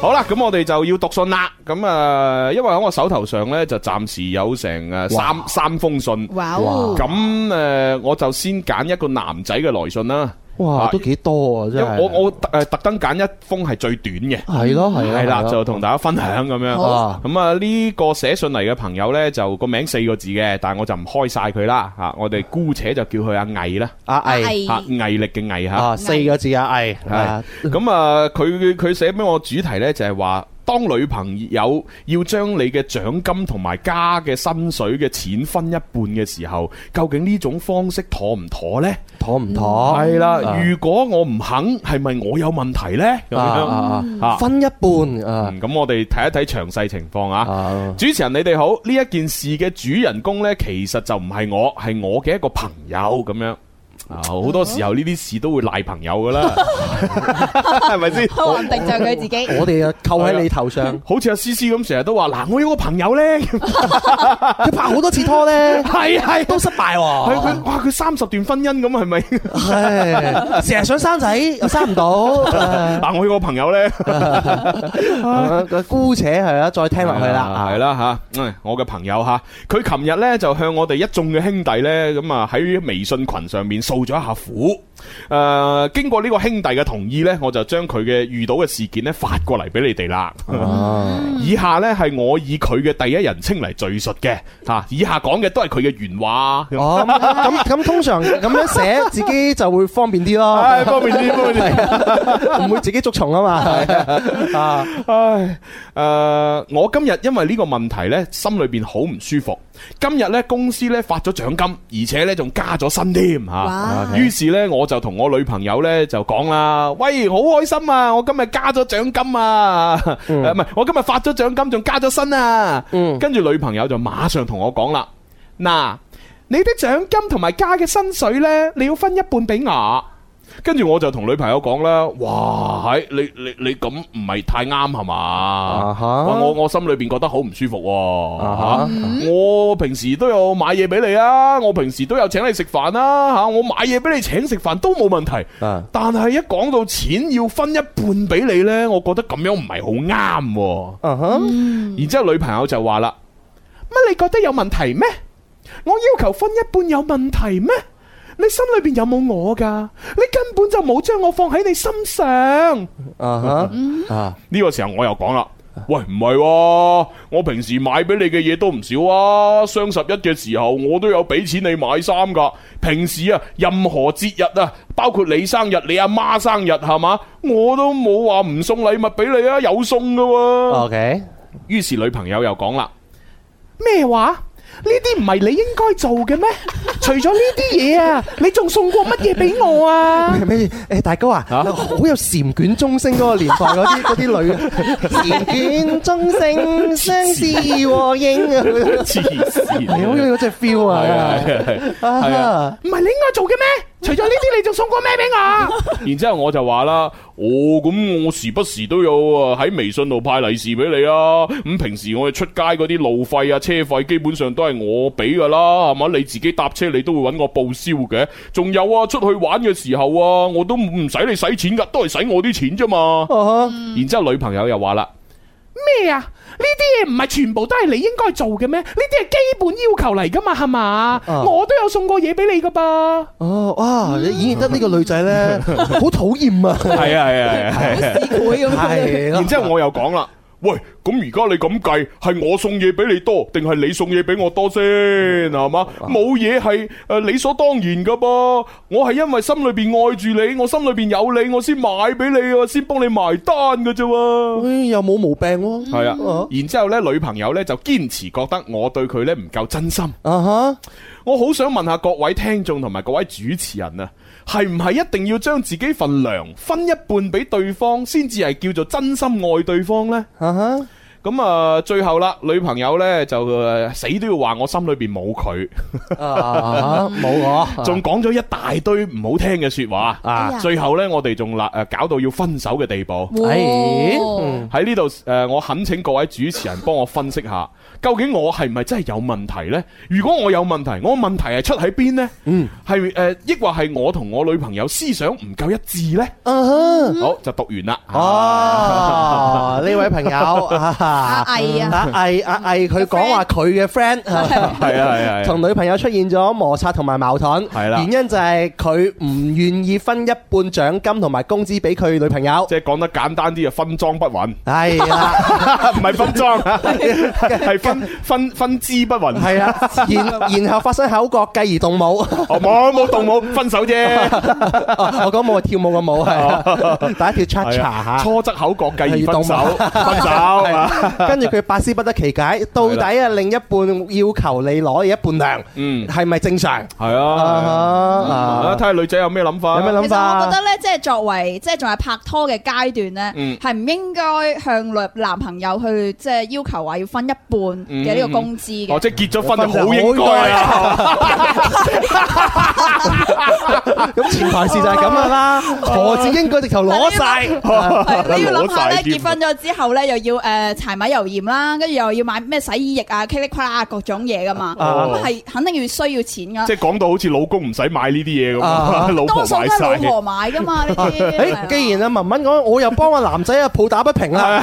好啦，咁我哋就要讀信啦。咁啊，因為喺我手頭上呢，就暫時有成誒三哇三封信。哇！咁誒，我就先揀一個男仔嘅來信啦。哇，都幾多啊！真係，我我特、誒特登揀一封係最短嘅。係咯，係啦，就同大家分享咁樣。咁啊，呢個寫信嚟嘅朋友咧，就個名四個字嘅，但係我就唔開晒佢啦吓，我哋姑且就叫佢阿毅啦，阿毅吓，毅力嘅毅吓，四個字啊毅。係，咁啊，佢佢寫俾我主題咧就係話當女朋友要將你嘅獎金同埋加嘅薪水嘅錢分一半嘅時候，究竟呢種方式妥唔妥呢？妥唔妥？係啦、嗯，如果我唔肯，係咪我有問題呢？啊咁樣啊、分一半、嗯、啊，咁、嗯、我哋睇一睇詳細情況啊。啊主持人你哋好，呢一件事嘅主人公呢，其實就唔係我，係我嘅一個朋友咁樣。好多時候呢啲事都會賴朋友噶啦， 係咪先？我唔定就佢自己， 我哋啊扣喺你頭上。 好似阿思思咁，成日都話嗱，我有個朋友咧，佢拍好多次拖咧，係係都失敗喎。佢哇，佢三十段婚姻咁，係咪？係，成日想生仔又生唔到。嗱，我有個朋友咧，姑且係啦、啊，再聽落去啦 啊。係啦吓，我嘅朋友吓，佢琴日咧就向我哋一眾嘅兄弟咧，咁啊喺微信群上面訴訴咗一下苦，誒、呃，經過呢個兄弟嘅同意呢，我就將佢嘅遇到嘅事件呢，發過嚟俾你哋啦、啊 啊。以下呢，係我以佢嘅第一人稱嚟敘述嘅，吓，以下講嘅都係佢嘅原話。咁咁、哦 啊、通常咁樣寫自己就會方便啲咯，係、啊、方便啲，方便啲，唔會自己捉蟲啊嘛。 啊，唉，我今日因為呢個問題呢，心裏邊好唔舒服。今日呢，公司呢，發咗獎金，而且呢，仲加咗薪添吓。於是呢，我就同我女朋友呢就講啦：喂，好開心啊！我今日加咗獎金啊，唔係，嗯啊，我今日發咗獎金仲加咗薪啊。嗯，跟住女朋友就馬上同我講啦：嗱，你啲獎金同埋加嘅薪水呢，你要分一半俾我。跟住我就同女朋友講啦，哇，係你你你咁唔係太啱係嘛？Uh huh. 我我心裏邊覺得好唔舒服、啊，吓、uh huh. uh huh. 我平時都有買嘢俾你啊，我平時都有請你食飯啊，吓，我買嘢俾你請食飯都冇問題，uh huh. 但係一講到錢要分一半俾你呢，我覺得咁樣唔係好啱，uh huh. 嗯，然之後女朋友就話啦，乜你覺得有問題咩？我要求分一半有問題咩？你心裏邊有冇我噶？你根本就冇將我放喺你心上啊！呢、uh huh. uh huh. 個時候我又講啦：，喂，唔係喎，我平時買俾你嘅嘢都唔少啊！雙十一嘅時候我都有俾錢你買衫噶。平時啊，任何節日啊，包括你生日、你阿媽生日，係嘛，我都冇話唔送禮物俾你啊，有送噶、啊。ok，於是女朋友又講啦：咩話？呢啲唔係你應該做嘅咩？除咗呢啲嘢啊，你仲送過乜嘢俾我啊？咩、 哎？誒大哥啊，好、啊、有禪院鐘聲嗰個年代嗰啲啲女啊，禪院鐘聲相思和應啊，黐線，你好有嗰隻 feel 啊，係啊，係啊，唔係你應該做嘅咩？除咗呢啲，你仲送過咩俾我？ 然之後我就話啦，哦，咁我時不時都有啊喺微信度派利是俾你啊。咁平時我哋出街嗰啲路費啊、車費，基本上都係我俾噶啦，係嘛？你自己搭車你都會揾我報銷嘅。仲有啊，出去玩嘅時候啊，我都唔使你使錢噶，都係使我啲錢啫嘛。Uh huh. 然之後女朋友又話啦。咩啊？呢啲嘢唔係全部都係你應該做嘅咩？呢啲係基本要求嚟噶嘛，係嘛？啊、我都有送過嘢俾你噶噃。哦，啊，你演繹得呢個女仔咧，好討厭啊！係啊，係啊，啊，死鬼咁。係、 啊，然之後我又講啦，喂。咁而家你咁計，係我送嘢俾你多，定係你送嘢俾我多先，係嘛？冇嘢係誒理所當然噶噃，我係因為心裏邊愛住你，我心裏邊有你，我先買俾你，先幫你埋單嘅啫。誒，又冇毛病。係啊，然之後咧，女朋友咧就堅持覺得我對佢咧唔夠真心。啊哈，我好想問下各位聽眾同埋各位主持人啊，係唔係一定要將自己份糧分一半俾對方，先至係叫做真心愛對方咧？啊哈。咁啊，最後啦，女朋友呢就死都要話我心裏邊冇佢，冇我，仲講咗一大堆唔好聽嘅說話啊！哎、呀最後呢，我哋仲啦誒，搞到要分手嘅地步。喺呢度誒，我懇請各位主持人幫我分析下，究竟我係唔係真係有問題呢？如果我有問題，我問題係出喺邊呢？嗯，係誒，抑、呃、或係我同我女朋友思想唔夠一致呢？嗯、好，就讀完啦。嗯、哦，呢 位朋友。 乂乂啊，乂乂，乂乂佢講話佢嘅 friend 係啊係啊，同女朋友出現咗摩擦同埋矛盾，原因就係佢唔願意分一半獎金同埋工資俾佢女朋友。即係講得簡單啲啊，分贓不勻，係啊，唔係分贓，係分分分資不勻，係啊。然然後發生口角，繼而動武。冇冇動武，分手啫。我講冇係跳舞嘅舞，係打一票 check 查吓。初則口角，繼而動手分手。跟住佢百思不得其解，到底啊另一半要求你攞嘢一半糧，嗯，係咪正常？係啊，睇下女仔有咩諗法，有咩諗法？其實我覺得咧，即係作為即係仲係拍拖嘅階段咧，係唔應該向男男朋友去即係要求話要分一半嘅呢個工資嘅。即係結咗婚就好應該啦。咁前排事就係咁啊啦，何止應該，直頭攞晒。你要諗下咧，結婚咗之後咧，又要誒。買米油鹽啦，跟住又要買咩洗衣液啊、噼里啪啦，各種嘢噶嘛，係肯定要需要錢噶。即係講到好似老公唔使買呢啲嘢咁啊，多數都係老婆買噶嘛呢啲。既然阿文文講，我又幫個男仔啊抱打不平啦。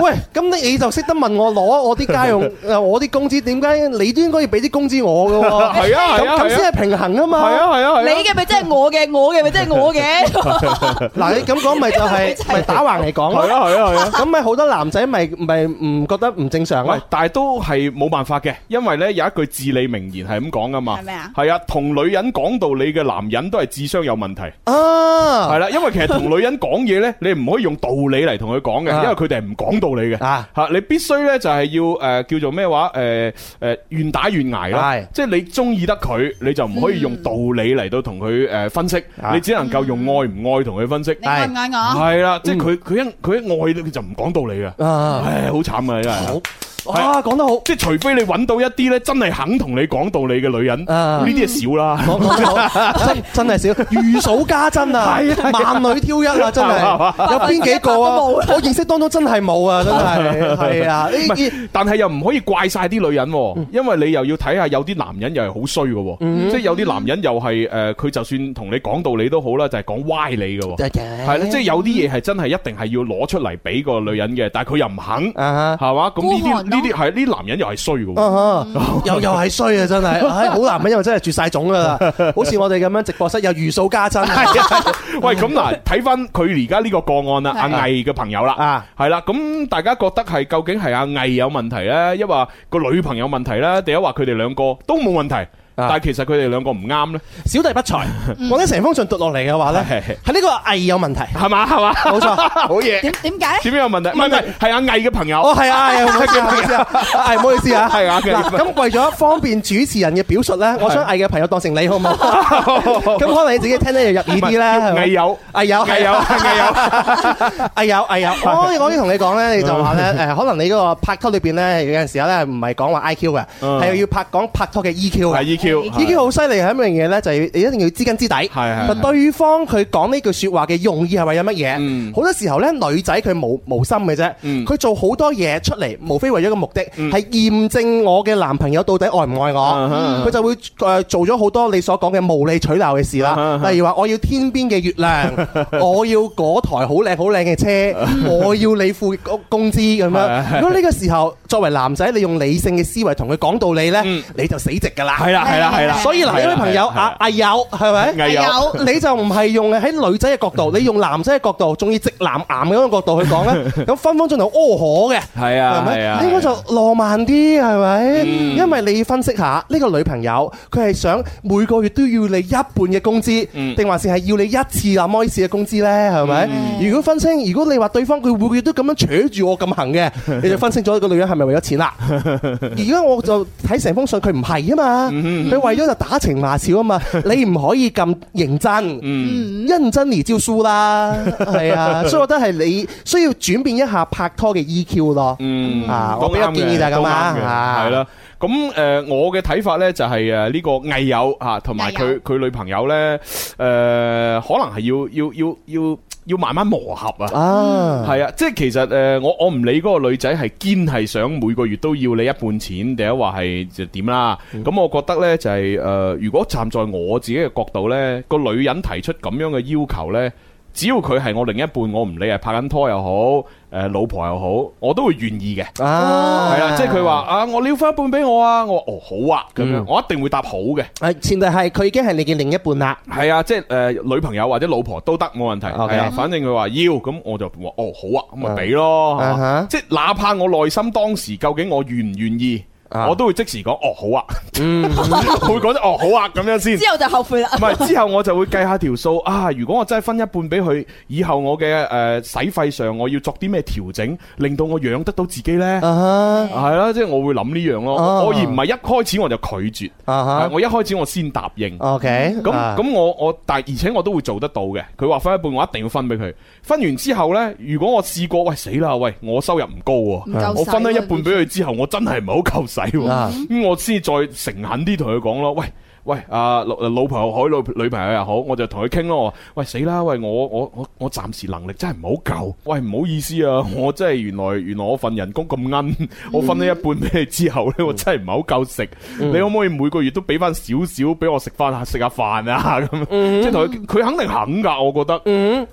喂，咁你你就識得問我攞我啲家用我啲工資，點解你都應該要俾啲工資我噶？係啊，咁先係平衡啊嘛。係啊係啊，你嘅咪即係我嘅，我嘅咪即係我嘅。嗱，你咁講咪就係咪打橫嚟講？係啊係啊係啊。咁咪好多男仔咪。唔係唔覺得唔正常啊？但係都係冇辦法嘅，因為咧有一句至理名言係咁講噶嘛。係咪啊？係啊，同女人講道理嘅男人都係智商有問題啊。係啦，因為其實同女人講嘢咧，你唔可以用道理嚟同佢講嘅，因為佢哋係唔講道理嘅啊吓。你必須咧就係要誒叫做咩話誒誒，願打願捱啦。即係你中意得佢，你就唔可以用道理嚟到同佢誒分析，你只能夠用愛唔愛同佢分析。你愛唔愛我？係啦，即係佢佢一佢一愛，佢就唔講道理嘅啊。唉，好慘啊！真係。啊，講得好，即係除非你揾到一啲咧，真係肯同你講道理嘅女人，呢啲係少啦，真真係少，如數家珍啊，係萬女挑一啊，真係，有邊幾個啊？我認識當中真係冇啊，真係，係啊，呢啲，但係又唔可以怪晒啲女人，因為你又要睇下有啲男人又係好衰嘅，即係有啲男人又係誒，佢就算同你講道理都好啦，就係講歪理嘅，係即係有啲嘢係真係一定係要攞出嚟俾個女人嘅，但係佢又唔肯，係嘛？咁呢啲。呢啲係呢，男人又係衰嘅，嗯、又 又係衰啊！真係，唉，好男人又真係絕晒種啦，好似我哋咁樣直播室又如數家珍。喂，咁嗱，睇翻佢而家呢個個案啦，阿毅嘅朋友啦，係啦的，咁大家覺得係究竟係阿毅有問題咧，一話個女朋友問題咧，第一話佢哋兩個都冇問題？但係其實佢哋兩個唔啱咧，小弟不才，講緊成封信讀落嚟嘅話咧，係呢個乂有問題，係嘛係嘛，冇錯，好嘢。點點解？點樣有問題？唔係係阿乂嘅朋友，哦係啊係啊，唔好意思唔好意思，係啊，係啊。咁為咗方便主持人嘅表述咧，我想乂嘅朋友當成你好唔好？咁可能你自己聽得又入耳啲咧。乂有，乂有，乂有，乂有，乂有，乂有。我可以同你講咧，你就話咧，誒，可能你嗰個拍拖裏邊咧，有陣時候咧，唔係講話 I Q 嘅，係要拍講拍拖嘅 E Q。已經好犀利係一樣嘢咧，就係你一定要知根知底。係係，對方佢講呢句說話嘅用意係為咗乜嘢？好多時候咧，女仔佢無無心嘅啫，佢做好多嘢出嚟，無非為咗個目的，係驗證我嘅男朋友到底愛唔愛我。佢就會誒做咗好多你所講嘅無理取鬧嘅事啦。例如話我要天邊嘅月亮，我要嗰台好靚好靚嘅車，我要你付工工資咁樣。如果呢個時候，作為男仔，你用理性嘅思維同佢講道理咧，你就死直噶啦。係啦。係啦係啦，所以嗱，呢位朋友阿阿友係咪？阿友，你就唔係用喺女仔嘅角度，你用男仔嘅角度，仲要直男癌嗰種角度去講咧，咁分分鐘就哦，可嘅，係啊係啊，應該就浪漫啲係咪？因為你要分析下呢個女朋友，佢係想每個月都要你一半嘅工資，定還是係要你一次咁多次嘅工資呢？係咪？如果分清，如果你話對方佢每個月都咁樣扯住我咁行嘅，你就分清咗呢個女人係咪為咗錢啦？而家我就睇成封信，佢唔係啊嘛。佢、嗯、為咗就打情罵俏啊嘛， 你唔可以咁認真，嗯嗯、認真而招輸啦，係 啊，所以我覺得係你需要轉變一下拍拖嘅 EQ 咯，啊，我俾個建議大家啦，係啦友，咁誒，我嘅睇法咧就係誒呢個藝友啊，同埋佢佢女朋友咧，誒、呃，可能係要要要要。要要要要要慢慢磨合啊！係啊，即係其實誒，我我唔理嗰個女仔係堅係想每個月都要你一半錢，定係話係就點啦？咁，嗯，我覺得呢，就是，就係誒，如果站在我自己嘅角度呢，個女人提出咁樣嘅要求呢。只要佢係我另一半，我唔理係拍緊拖又好，誒老婆又好，我都會願意嘅。哦、啊，係啦，即係佢話啊，我撩翻一半俾我啊，我哦好啊，咁、嗯、樣，我一定會答好嘅。誒，前提係佢已經係你嘅另一半啦。係啊，即係誒、呃、女朋友或者老婆都得冇問題。OK 啊，反正佢話要，咁我就話哦好啊，咁咪俾咯。吓，即係哪怕我內心當時究竟我願唔願意？我都會即時講，哦好啊，嗯，嗯 會覺得哦好啊，咁樣先。之後就後悔啦。唔係，之後我就會計下條數啊。如果我真係分一半俾佢，以後我嘅誒、呃、洗費上，我要作啲咩調整，令到我養得到自己呢？Uh huh. 係啦，即係我會諗呢樣咯、uh huh. 我而唔係一開始我就拒絕、uh huh. 我一開始我先答應。OK、uh。咁、huh. 咁我我但而且我都會做得到嘅。佢話分一半，我一定要分俾佢。分完之後呢，如果我試過，喂死啦，喂我收入唔高喎、啊，夠我分咗一半俾佢就之後，我真係唔係好夠咁，嗯嗯、我先再誠懇啲同佢講咯。喂喂，阿、啊、老，老婆、海女、女朋友又好，我就同佢傾咯。喂，死啦！喂，我我我我暫時能力真係唔好夠。喂，唔好意思啊，我真係原來原來我份人工咁奀，我分咗一半俾你之後咧，我真係唔係好夠食。嗯、你可唔可以每個月都俾翻少少俾我食翻下食下飯啊？咁即係同佢，佢肯定肯㗎。我覺得，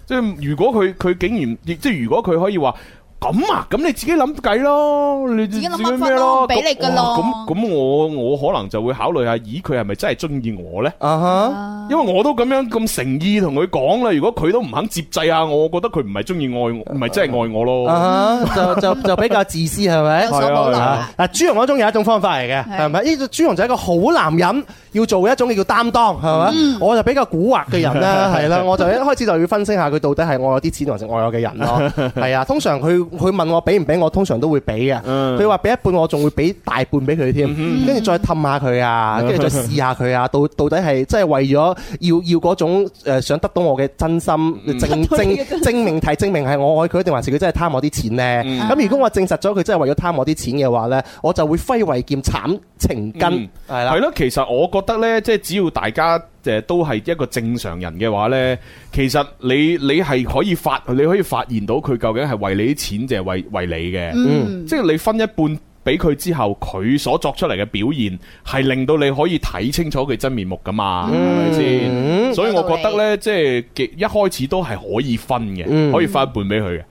即係、嗯、如果佢佢竟然，即、就、係、是、如果佢可以話。咁啊，咁你自己諗計咯，你自己諗乜方法俾你噶咯？咁咁我我可能就會考慮下，咦佢係咪真係中意我咧？啊，因為我都咁樣咁誠意同佢講啦，如果佢都唔肯接濟啊，我覺得佢唔係中意愛我，唔係真係愛我咯。就就就比較自私係咪？有所保留。嗱，朱紅嗰種有一種方法嚟嘅，係咪？呢個朱紅就係一個好男人，要做一種叫擔當，係咪？我就比較古惑嘅人啦，係啦，我就一開始就要分析下佢到底係愛我啲錢，還是愛我嘅人咯？係啊，通常佢。佢問我俾唔俾我，我通常都會俾嘅。佢話俾一半，我仲會俾大半俾佢添，跟住、嗯、哼再氹下佢啊，跟住、嗯、哼再試下佢啊、嗯哼，到到底係真係為咗要要嗰種想得到我嘅真心，證證、嗯、正證明係證明係我愛佢，定還是佢真係貪我啲錢呢？咁、嗯、如果我證實咗佢真係為咗貪我啲錢嘅話呢，我就會揮慧劍斬情根，係啦、嗯。的其實我覺得呢，即係只要大家。都係一個正常人嘅話呢，其實你你係可以發，你可以發現到佢究竟係為你啲錢定係、淨係、為為你嘅，嗯、即係你分一半俾佢之後，佢所作出嚟嘅表現係令到你可以睇清楚佢真面目噶嘛，係咪先？所以我覺得呢，即係一開始都係可以分嘅，可以分一半俾佢嘅。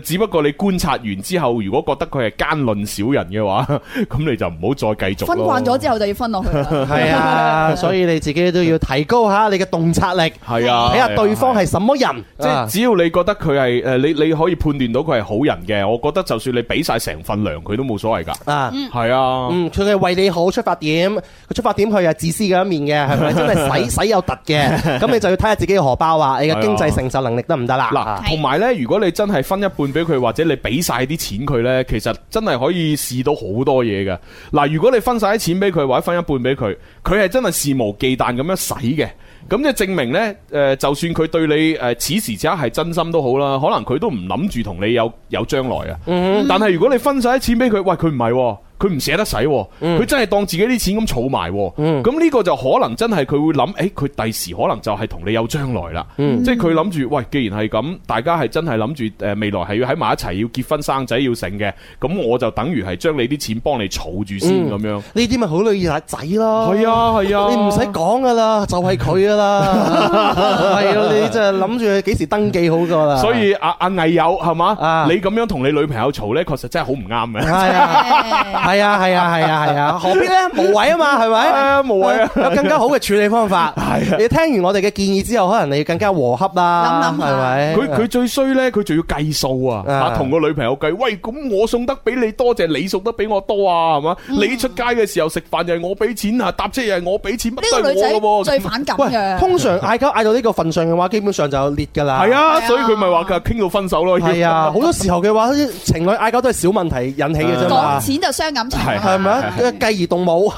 只不過你觀察完之後，如果覺得佢係奸論小人嘅話，咁你就唔好再繼續。分慣咗之後就要分落去啦。係啊，所以你自己都要提高下你嘅洞察力。係啊，睇下對方係什麼人。啊啊、即只要你覺得佢係誒，你你可以判斷到佢係好人嘅，我覺得就算你俾晒成份糧，佢都冇所謂㗎。啊，係啊，佢係、啊嗯、為你好出發點，個出發點佢係自私嘅一面嘅，係咪真係使使有突嘅。咁你就要睇下自己嘅荷包行行啊，你嘅經濟承受能力得唔得啦？嗱，同埋呢，如果你真係分一半俾佢，或者你俾晒啲錢佢呢，其實真係可以試到好多嘢嘅。嗱，如果你分晒啲錢俾佢，或者分一半俾佢，佢係真係肆無忌憚咁樣使嘅。咁就係證明呢，誒，就算佢對你誒此時此刻係真心都好啦，可能佢都唔諗住同你有有將來啊。但係如果你分晒啲錢俾佢，喂，佢唔係。佢唔捨得使，佢真係當自己啲錢咁儲埋，咁、嗯、呢個就可能真係佢會諗，誒佢第時可能就係同你有將來啦，嗯、即係佢諗住，喂，既然係咁，大家係真係諗住誒未來係要喺埋一齊，要結婚生仔要成嘅、嗯，咁我就等於係將你啲錢幫你儲住先咁樣。呢啲咪好女仔咯，係啊係啊，你唔使講噶啦，就係佢噶啦，係啊，你就係諗住幾時登記好噶啦。 所以阿阿、啊、魏友係嘛，你咁樣同你女朋友吵呢，確實真係好唔啱嘅。呀 係啊係啊係啊係啊，何必咧？無謂啊嘛，係咪？係啊，無謂啊，有更加好嘅處理方法。係，你聽完我哋嘅建議之後，可能你要更加和洽啦。諗諗係咪？佢佢最衰咧，佢仲要計數啊，同個女朋友計。喂，咁我送得比你多，就你送得比我多啊，係嘛？你出街嘅時候食飯又係我俾錢啊，搭車又係我俾錢，乜都係我。最反感嘅。通常嗌交嗌到呢個份上嘅話，基本上就裂噶啦。係啊，所以佢咪話佢傾到分手咯。係啊，好多時候嘅話，情侶嗌交都係小問題引起嘅啫嘛。講錢就傷。係係咪啊？繼而動武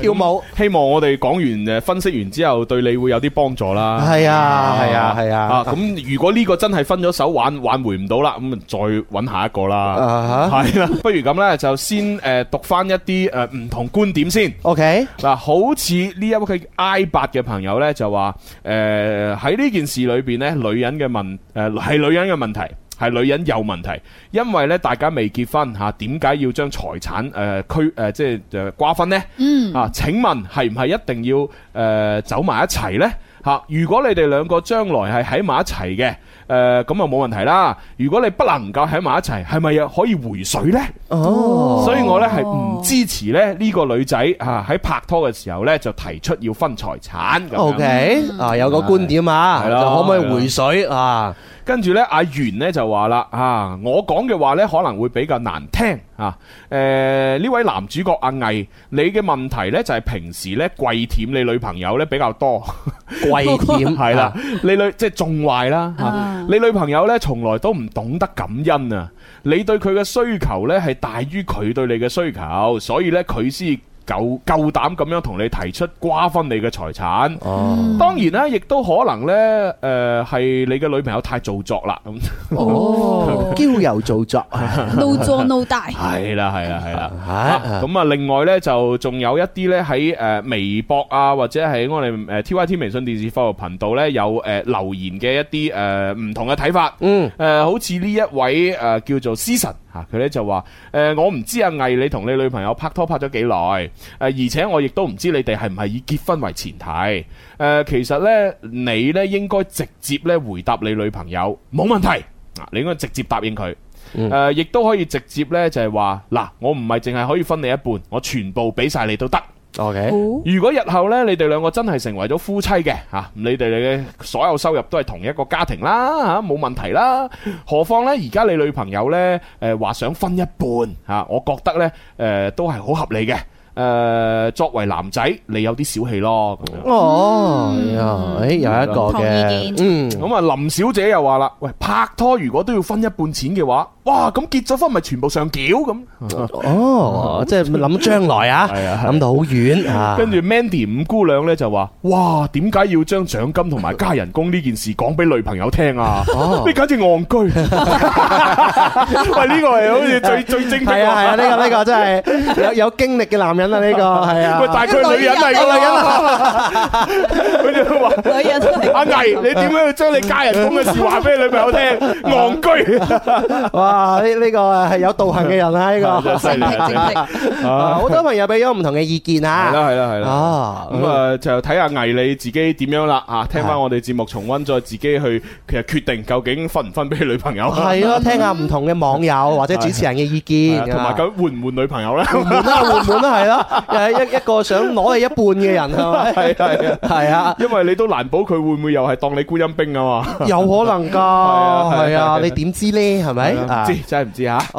跳舞，希望我哋講完誒，分析完之後對你會有啲幫助啦。係啊，係啊，係啊。啊，咁如果呢個真係分咗手，挽挽回唔到啦，咁啊再揾下一個啦。啊，係啦，不如咁咧，就先誒讀翻一啲誒唔同觀點先。OK，嗱，好似呢一位 I 八嘅朋友咧就話，誒喺呢件事裏邊咧，女人嘅問誒係女人嘅問題。係女人有問題，因為咧大家未結婚嚇，點解要將財產誒區誒即係誒、呃、瓜分呢？嗯啊？請問係唔係一定要誒、呃、走埋一齊呢？嚇、啊！如果你哋兩個將來係喺埋一齊嘅誒，咁啊冇問題啦。如果你不能夠喺埋一齊，係咪又可以回水呢？哦，所以我咧係唔支持咧呢個女仔嚇喺拍拖嘅時候呢就提出要分財產。OK 啊，有個觀點啊，就可唔可以回水啊？啊跟住呢，阿源呢就話啦，啊，我講嘅話呢可能會比較難聽啊。誒、呃，呢位男主角阿魏，你嘅問題呢就係、是、平時呢，跪舔你，你女朋友呢比較多，跪舔係啦，你女即係仲壞啦。你女朋友呢從來都唔懂得感恩啊，你對佢嘅需求呢係大於佢對你嘅需求，所以呢，佢先。夠夠膽咁樣同你提出瓜分你嘅財產，當然啦，亦都可能咧，誒，係你嘅女朋友太做作啦。哦，嬌柔做作，no 作 no die。係啦，係啦，係啦。咁啊，另外咧，就仲有一啲咧喺誒微博啊，或者喺我哋誒 T Y T 微信電視服務頻道咧，有誒留言嘅一啲誒唔同嘅睇法。嗯，誒，好似呢一位誒叫做思神，吓佢，咧就話誒、呃、我唔知阿毅，你同你女朋友拍拖拍咗幾耐誒，而且我亦都唔知你哋係唔係以結婚為前提誒、呃、其實呢，你呢應該直接咧回答，你女朋友冇問題啊，你應該直接答應佢誒，亦都可以直接呢就係話嗱，我唔係淨係可以分你一半，我全部俾晒你都得。OK，如果日後咧，你哋兩個真係成為咗夫妻嘅，吓，你哋嘅所有收入都係同一個家庭啦，吓，冇問題啦。何況咧，而家你女朋友咧，誒，話想分一半，吓，我覺得咧，誒，都係好合理嘅。誒，作為男仔，你有啲小氣咯。哦，誒，有一個嘅，嗯，咁啊，林小姐又話啦，喂，拍拖如果都要分一半錢嘅話。哇！咁結咗婚咪全部上繳咁？哦，即係諗將來啊，係啊，諗到好遠啊。跟住 Mandy 五姑娘咧就話：，哇！點解要將獎金同埋加人工呢件事講俾女朋友聽啊？你簡直戇居。喂，呢個係好似最最正。係啊係啊，呢個呢個真係有有經歷嘅男人啊！呢個係啊，但係佢女人嚟噶啦。佢哋話：，阿毅，你點解要將你加人工嘅事話俾女朋友聽？戇居。啊！呢呢個係有道行嘅人啦，呢個犀利啊！啊，好多朋友俾咗唔同嘅意見啊，係啦係啦係啦，啊咁啊就睇下毅你自己點樣啦啊！聽翻我哋節目重温，再自己去其實決定究竟分唔分俾女朋友？係咯，聽下唔同嘅網友或者主持人嘅意見，同埋究竟換唔換女朋友咧？換啦，換唔換啦，係咯，又係一一個想攞你一半嘅人係嘛？係係啊，係啊，因為你都難保佢會唔會又係當你孤軍兵啊嘛？有可能噶，係啊，你點知咧？係咪啊？真係唔知嚇，OK。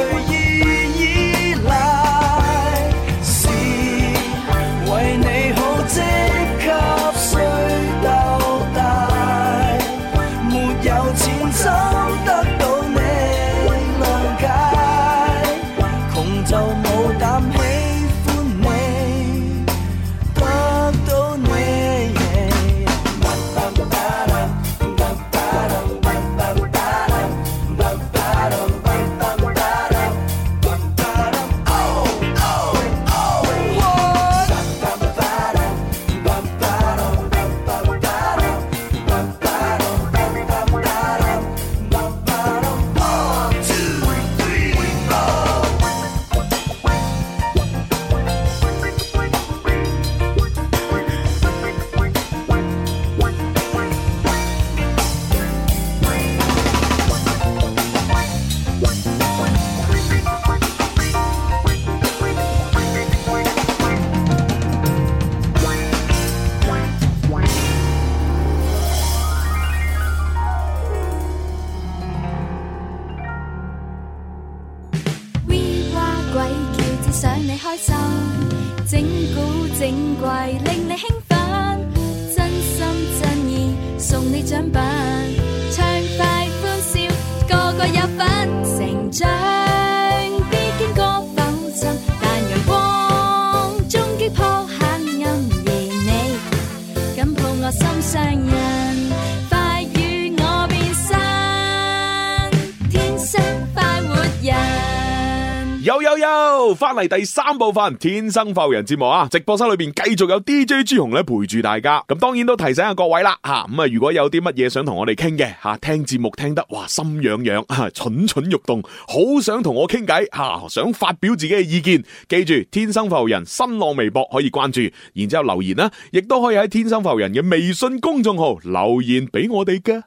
嚟第三部分《天生浮人》節目啊！直播室裏邊繼續有 DJ 朱紅咧陪住大家。咁當然都提醒下各位啦，吓咁啊！如果有啲乜嘢想同我哋傾嘅吓，聽節目聽得哇心癢癢、啊，蠢蠢欲動，好想同我傾偈吓，想發表自己嘅意見。記住，《天生浮人》新浪微博可以關注，然之後留言啦、啊，亦都可以喺《天生浮人》嘅微信公眾號留言俾我哋嘅。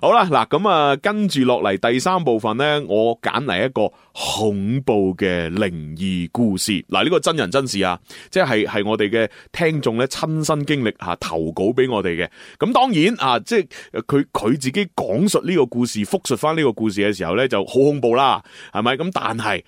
好啦，嗱咁啊，跟住落嚟第三部分呢，我揀嚟一個恐怖嘅。誒，靈異故事嗱，呢個真人真事啊，即係係我哋嘅聽眾咧親身經歷吓、啊，投稿俾我哋嘅。咁當然啊，即係佢佢自己講述呢個故事，複述翻呢個故事嘅時候咧，就好恐怖啦，係咪？咁但係。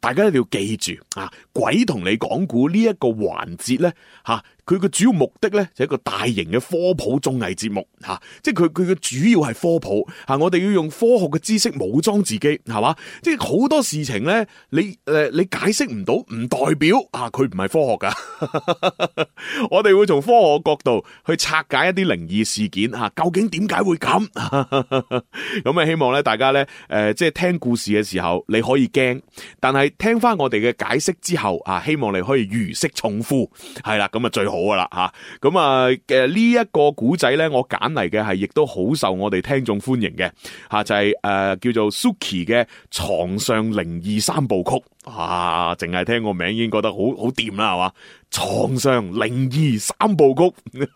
大家一定要記住啊！鬼同你講故呢一個環節咧，嚇佢嘅主要目的咧就係一個大型嘅科普綜藝節目嚇、啊，即係佢佢嘅主要係科普嚇、啊。我哋要用科學嘅知識武裝自己，係嘛？即係好多事情咧，你誒、呃、你解釋唔到，唔代表啊佢唔係科學噶。 我哋會從科學角度去拆解一啲靈異事件嚇、啊，究竟點解會咁？咁啊，希望咧大家咧誒，即、呃、係聽故事嘅時候你可以驚，但係聽翻我哋嘅解釋之後啊，希望你可以如釋重負，係啦，咁啊最好噶啦吓，咁啊，誒呢一個古仔咧，我揀嚟嘅係亦都好受我哋聽眾歡迎嘅吓，就係誒叫做 Suki 嘅床上靈異三部曲啊，淨係聽個名已經覺得好好掂啦，係嘛？床上靈異三部曲，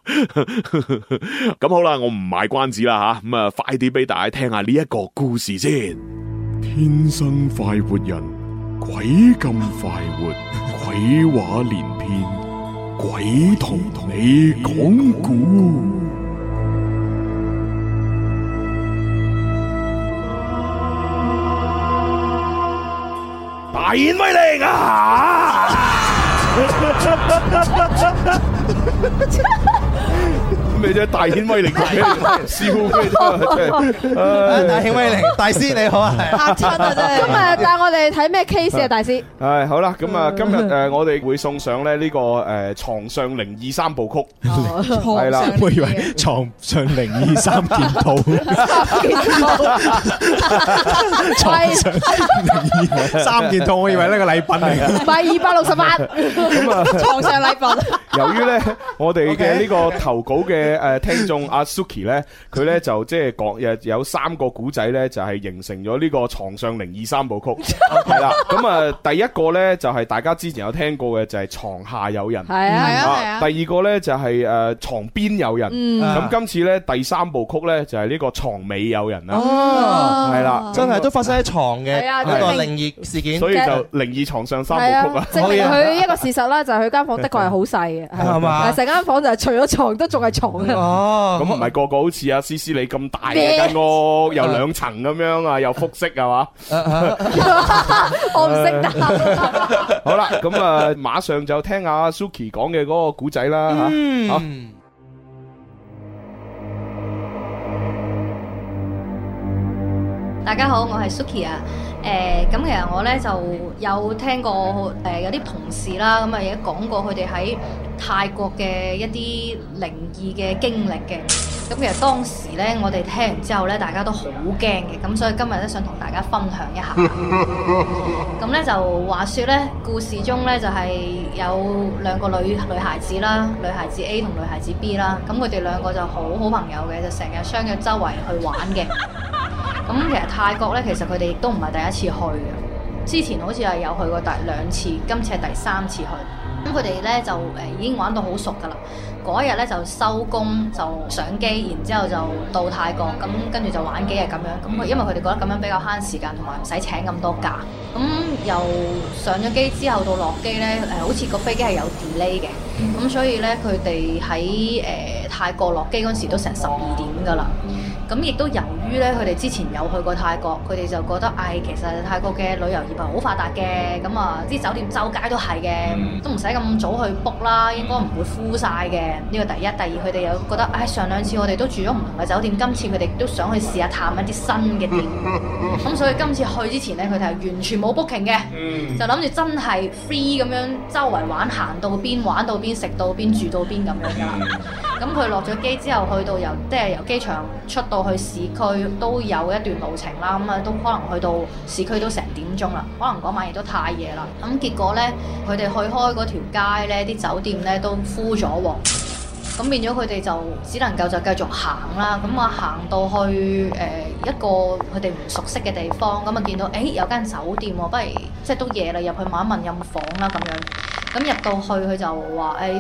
咁 好啦，我唔賣關子啦吓，咁啊，快啲俾大家聽下呢一個故事先，天生快活人。鬼咁快活，鬼話連篇，鬼同，同你講故，大演威靈啊！咩啫？大顯威靈，笑咩？大顯威靈，大師你好啊！嚇親啊！真係咁啊！但係我哋睇咩 case 先啊，大師？誒好啦，咁啊，今日誒我哋會送上咧呢個誒牀上靈異三部曲，係啦，我以為牀上靈異三件套，牀上靈異三件套，我以為呢個禮品嚟嘅，買二百六十八，咁啊，牀上禮品。由於咧，我哋嘅呢個投稿嘅。誒，聽眾阿 Suki 咧，佢咧就即係講有有三個古仔咧，就係形成咗呢個床上靈異三部曲係啦。咁啊，第一個咧就係大家之前有聽過嘅，就係床下有人。係啊係啊。第二個咧就係誒床邊有人。咁今次咧第三部曲咧就係呢個床尾有人啊，哦。係啦，真係都發生喺床嘅呢個靈異事件。所以就靈異床上三部曲啊，證明佢一個事實啦，就係佢間房的確係好細嘅。係嘛。成間房就係除咗床都仲係床。哦，咁唔係個個好似阿 C C 你咁大嘅間屋，有兩層咁樣啊，有複式係嘛？我唔識得。 好啦，咁啊，馬上就聽阿 Suki 講嘅嗰個古仔啦吓。嗯啊大家好，我係 Suki 啊，誒、呃，咁其實我咧就有聽過誒、呃、有啲同事啦，咁啊亦都講過佢哋喺泰國嘅一啲靈異嘅經歷嘅，咁其實當時咧我哋聽完之後咧大家都好驚嘅，咁所以今日咧想同大家分享一下，咁咧、 嗯、就話說咧，故事中咧就係、是、有兩個女女孩子啦，女孩子 A 同女孩子 B 啦，咁佢哋兩個就好好朋友嘅，就成日相約周圍去玩嘅。咁其實泰國咧，其實佢哋亦都唔係第一次去嘅，之前好似係有去過第兩次，今次係第三次去。咁佢哋咧就誒、呃、已經玩到好熟㗎啦。嗰日咧就收工就上機，然之後就到泰國，咁跟住就玩幾日咁樣。咁佢因為佢哋覺得咁樣比較慳時間，同埋唔使請咁多假。咁、嗯、由上咗機之後到落機咧，誒、呃、好似個飛機係有 delay 嘅，咁、嗯、所以咧佢哋喺誒泰國落機嗰時都成十二點㗎啦。咁亦都由於咧，佢哋之前有去過泰國，佢哋就覺得唉、哎、其實泰國嘅旅遊業係好發達嘅，咁啊啲酒店周街都係嘅，都唔使咁早去 book 啦，應該唔會 full 晒嘅。呢個第一，第二佢哋又覺得唉、哎、上兩次我哋都住咗唔同嘅酒店，今次佢哋都想去試下探、探一啲新嘅店，咁 所以今次去之前咧，佢哋係完全冇 booking 嘅，就諗住真係 free 咁樣周圍玩，行到邊玩到邊食到邊住到邊咁樣㗎啦。咁佢落咗機之後去到由即係、就是、由機場出到。過去市區都有一段路程啦，咁、嗯、啊都可能去到市區都成點鐘啦，可能嗰晚亦都太夜啦。咁、嗯、結果咧，佢哋去開嗰條街咧，啲酒店咧都 full 咗喎。咁變咗佢哋就只能夠就繼續行啦、啊。咁啊行到去誒、呃、一個佢哋唔熟悉嘅地方，咁啊見到誒、欸、有間酒店喎，不如即係都夜啦，入去問一問有冇房啦咁樣。咁入到去佢就話誒，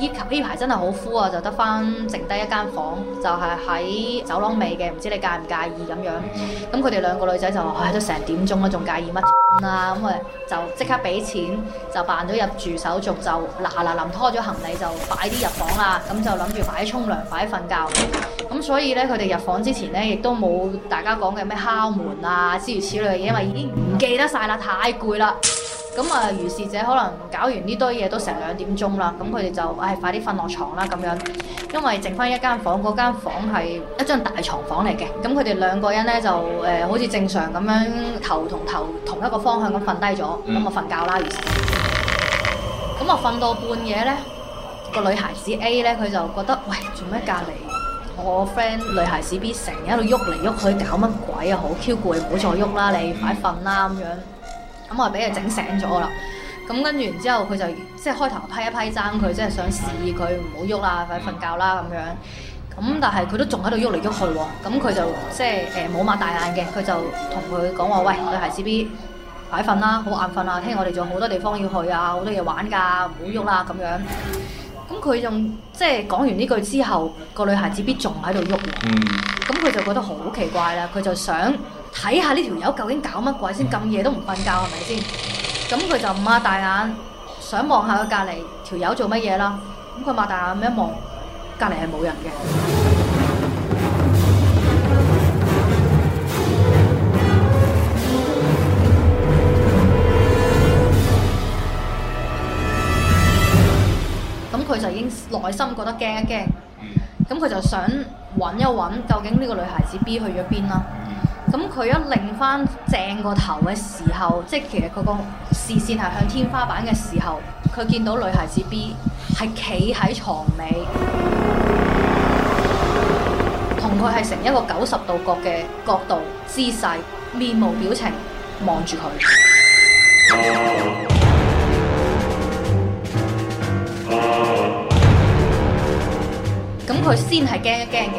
呢頭呢排真係好枯啊，就得翻剩低一間房，就係、是、喺走廊尾嘅，唔知你介唔介意咁樣。咁佢哋兩個女仔就話，唉，都成點鐘啦，仲介意乜啊？咁啊就即刻俾錢，就辦咗入住手續，就嗱嗱臨拖咗行李就快啲入房啦。咁就諗住快啲沖涼，快啲瞓覺。咁所以咧，佢哋入房之前咧，亦都冇大家講嘅咩敲門啊，諸如此類嘅嘢，因為已經唔記得晒啦，太攰啦。咁啊、呃，如是者可能搞完呢堆嘢都成兩點鐘啦。咁佢哋就唉、哎，快啲瞓落床啦，咁樣。因為剩翻一間房，嗰間房係一張大床房嚟嘅。咁佢哋兩個人咧就誒、呃，好似正常咁樣頭同頭同一個方向咁瞓低咗，咁啊瞓覺啦，如是者。咁啊，瞓到半夜咧。個女孩子 A 呢，佢就覺得喂，做咩隔離？我 friend 女孩子 B 成日喺度喐嚟喐去，搞乜鬼啊？好 Q 攰，唔好再喐啦，你快瞓啦咁樣。咁我俾佢整醒咗啦。咁跟住然之後，佢就即係開頭批一批爭佢，即係想示意佢唔好喐啦，快瞓覺啦咁樣。咁但係佢都仲喺度喐嚟喐去喎。咁佢就即係誒冇擘大眼嘅，佢就同佢講話：喂，女孩子 B，快瞓啦，好眼瞓啊！聽日我哋仲有好多地方要去啊，好多嘢玩㗎，唔好喐啦咁樣。咁佢仲即係講完呢句之後，個女孩子必仲喺度喐，咁佢、嗯、就覺得好奇怪啦，佢就想睇下呢條友究竟搞乜鬼先，咁夜都唔瞓覺係咪先？咁佢就擘大眼想望下佢隔籬條友做乜嘢啦，咁佢擘大眼一望，隔籬係冇人嘅。佢就已經內心覺得驚一驚，咁佢就想揾一揾究竟呢個女孩子 B 去咗邊啦。咁佢一擰翻正個頭嘅時候，即係其實佢個視線係向天花板嘅時候，佢見到女孩子 B 係企喺床尾，同佢係成一個九十度角嘅角度姿勢，面無表情望住佢。咁佢先係驚一驚嘅，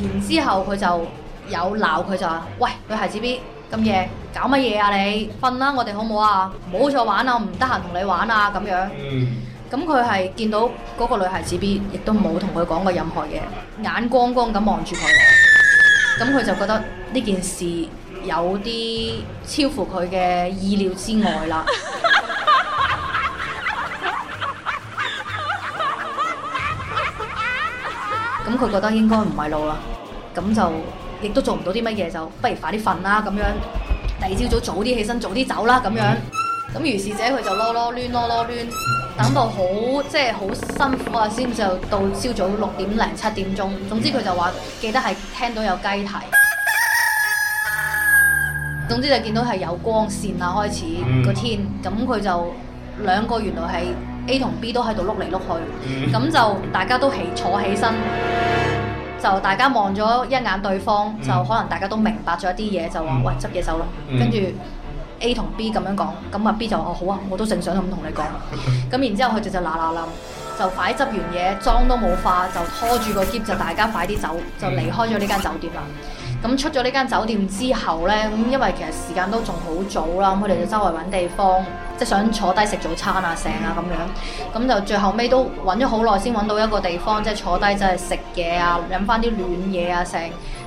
然之後佢就有鬧佢就話：喂，女孩子 B，咁夜搞乜嘢啊你？你瞓啦，我哋好唔好啊？唔好再玩啦，我唔得閒同你玩啊！咁樣，咁佢係見到嗰個女孩子 B，亦都冇同佢講過任何嘢，眼光光咁望住佢，咁佢就覺得呢件事有啲超乎佢嘅意料之外啦。 咁佢覺得應該唔係路啦，咁就亦都做唔到啲乜嘢，就不如快啲瞓啦咁樣。第二朝早早啲起身，早啲走啦咁樣。咁於、mm hmm. 是者佢就囉囉攣囉囉攣，等到好即係好辛苦啊，先至到朝早六點零七點鐘。總之佢就話記得係聽到有雞啼。Mm hmm. 總之就見到係有光線啊，開始個、mm hmm. 天。咁佢就兩個原來係。A 同 B 都喺度碌嚟碌去，咁就大家都起坐起身，就大家望咗一眼對方，就可能大家都明白咗一啲嘢，就話：喂、哎，執嘢走啦！跟住 A 同 B 咁樣講，咁啊 B 就話：好啊，我都正想咁同你講。咁然之後佢哋就嗱嗱冧，就快執完嘢，妝都冇化，就拖住個喼就大家快啲走，就離開咗呢間酒店啦。咁出咗呢間酒店之後呢，咁因為其實時間都仲好早啦，佢哋就周圍揾地方，即係想坐低食早餐啊，醒啊咁樣，咁就最後尾都揾咗好耐先揾到一個地方，即係坐低就係食嘢啊，飲翻啲暖嘢啊，醒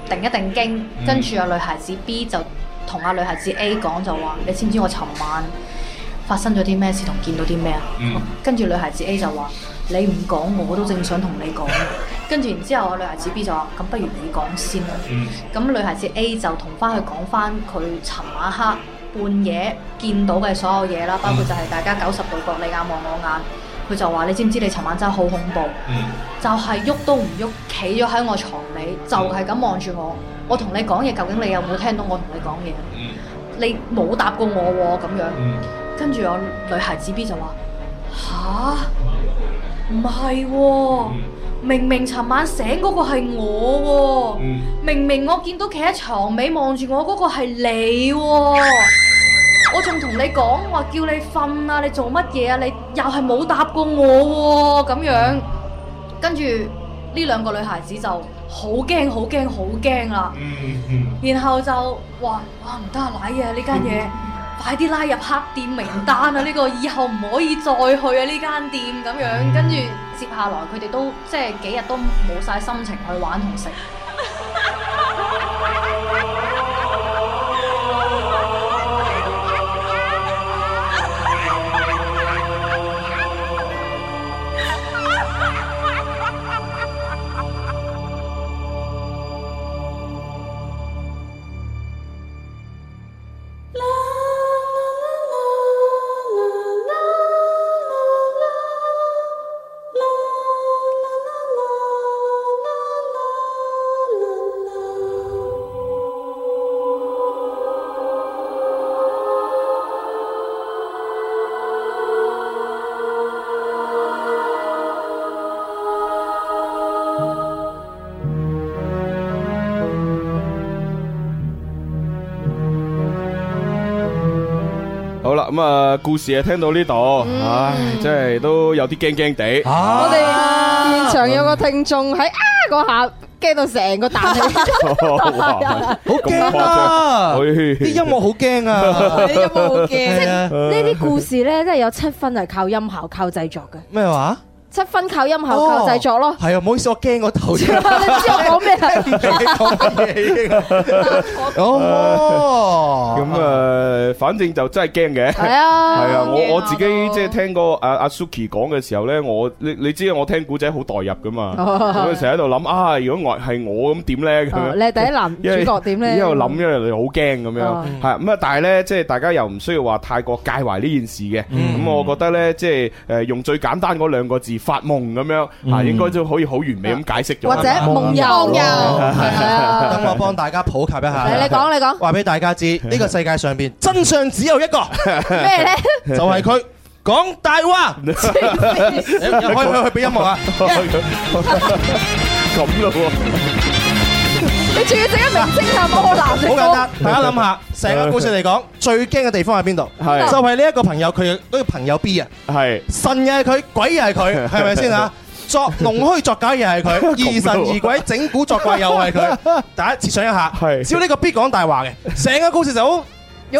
定一定驚，跟住啊女孩子 B 就同阿女孩子 A 講就話：你知唔知我尋晚發生咗啲咩事同見到啲咩、嗯、啊？跟住女孩子 A 就話。你唔講我都正想同你講，跟住然之後，我女孩子 B 就話：咁不如你講先啦。咁、嗯嗯嗯、女孩子 A 就同翻佢講翻佢尋晚黑半夜見到嘅所有嘢啦，包括就係大家九十度角你眼望我眼，佢就話：你知唔知你尋晚真係好恐怖？嗯、就係喐都唔喐，企咗喺我床尾，就係咁望住我。我同你講嘢，究竟你有冇聽到我同你講嘢？嗯、你冇答過我喎、哦、咁樣。嗯嗯嗯、跟住我女孩子 B 就話：吓。啊唔係喎，明明尋晚醒嗰個係我喎、哦，嗯、明明我見到企喺床尾望住我嗰個係你喎、哦， 我仲同你講，我話叫你瞓啊，你做乜嘢啊？你又係冇答過我喎、哦，咁樣，跟住呢兩個女孩子就好驚、好驚、好驚啦，嗯嗯、然後就話啊，唔得啊，瀨嘢呢間嘢。嗯嗯快啲拉入黑店名單啊！呢、呢個以後唔可以再去啊！呢間店咁樣，跟住、嗯、接下來佢哋都即係幾日都冇晒心情去玩同食。 咁啊，故事啊，聽到呢度，唉，真係都有啲驚驚地。我哋現場有個聽眾喺啊嗰下驚到成個大，好驚！啲音樂好驚啊！啲音樂好驚！呢啲故事咧，真係有七分係靠音效、靠製作嘅。咩話？七分靠音效，靠製作咯。係啊，唔好意思，我驚個頭。你知我講咩啊？哦，咁誒，反正就真係驚嘅。係啊，係啊，我我自己即係聽過阿阿 Suki 講嘅時候咧，我你你知我聽古仔好代入噶嘛。我成日喺度諗啊，如果我係我咁點咧咁樣？你第一男主角點咧？喺度諗，因為你好驚咁樣。係啊，咁啊，但係咧，即係大家又唔需要話太過介懷呢件事嘅。咁我覺得咧，即係誒用最簡單嗰兩個字。發夢咁樣啊，應該都可以好完美咁解釋咗，嗯、吧或者夢遊。係啊，等、嗯啊、我幫大家普及一下。你講、啊，你講。話俾大家知，呢、這個世界上邊、啊、真相只有一個。咩咧？就係佢講大話。可以可以俾音樂啊。咁咯喎。你仲要整一明星下波男少？好簡單，大家諗下成個故事嚟講，最驚嘅地方喺邊度？係就係呢一個朋友，佢嗰個朋友 B 啊，係神又係佢，鬼又係佢，係咪先啊？作弄虛作假又係佢，疑神疑鬼整蠱作怪又係佢。大家設想一下，係只要呢個 B 講大話嘅，成個故事就好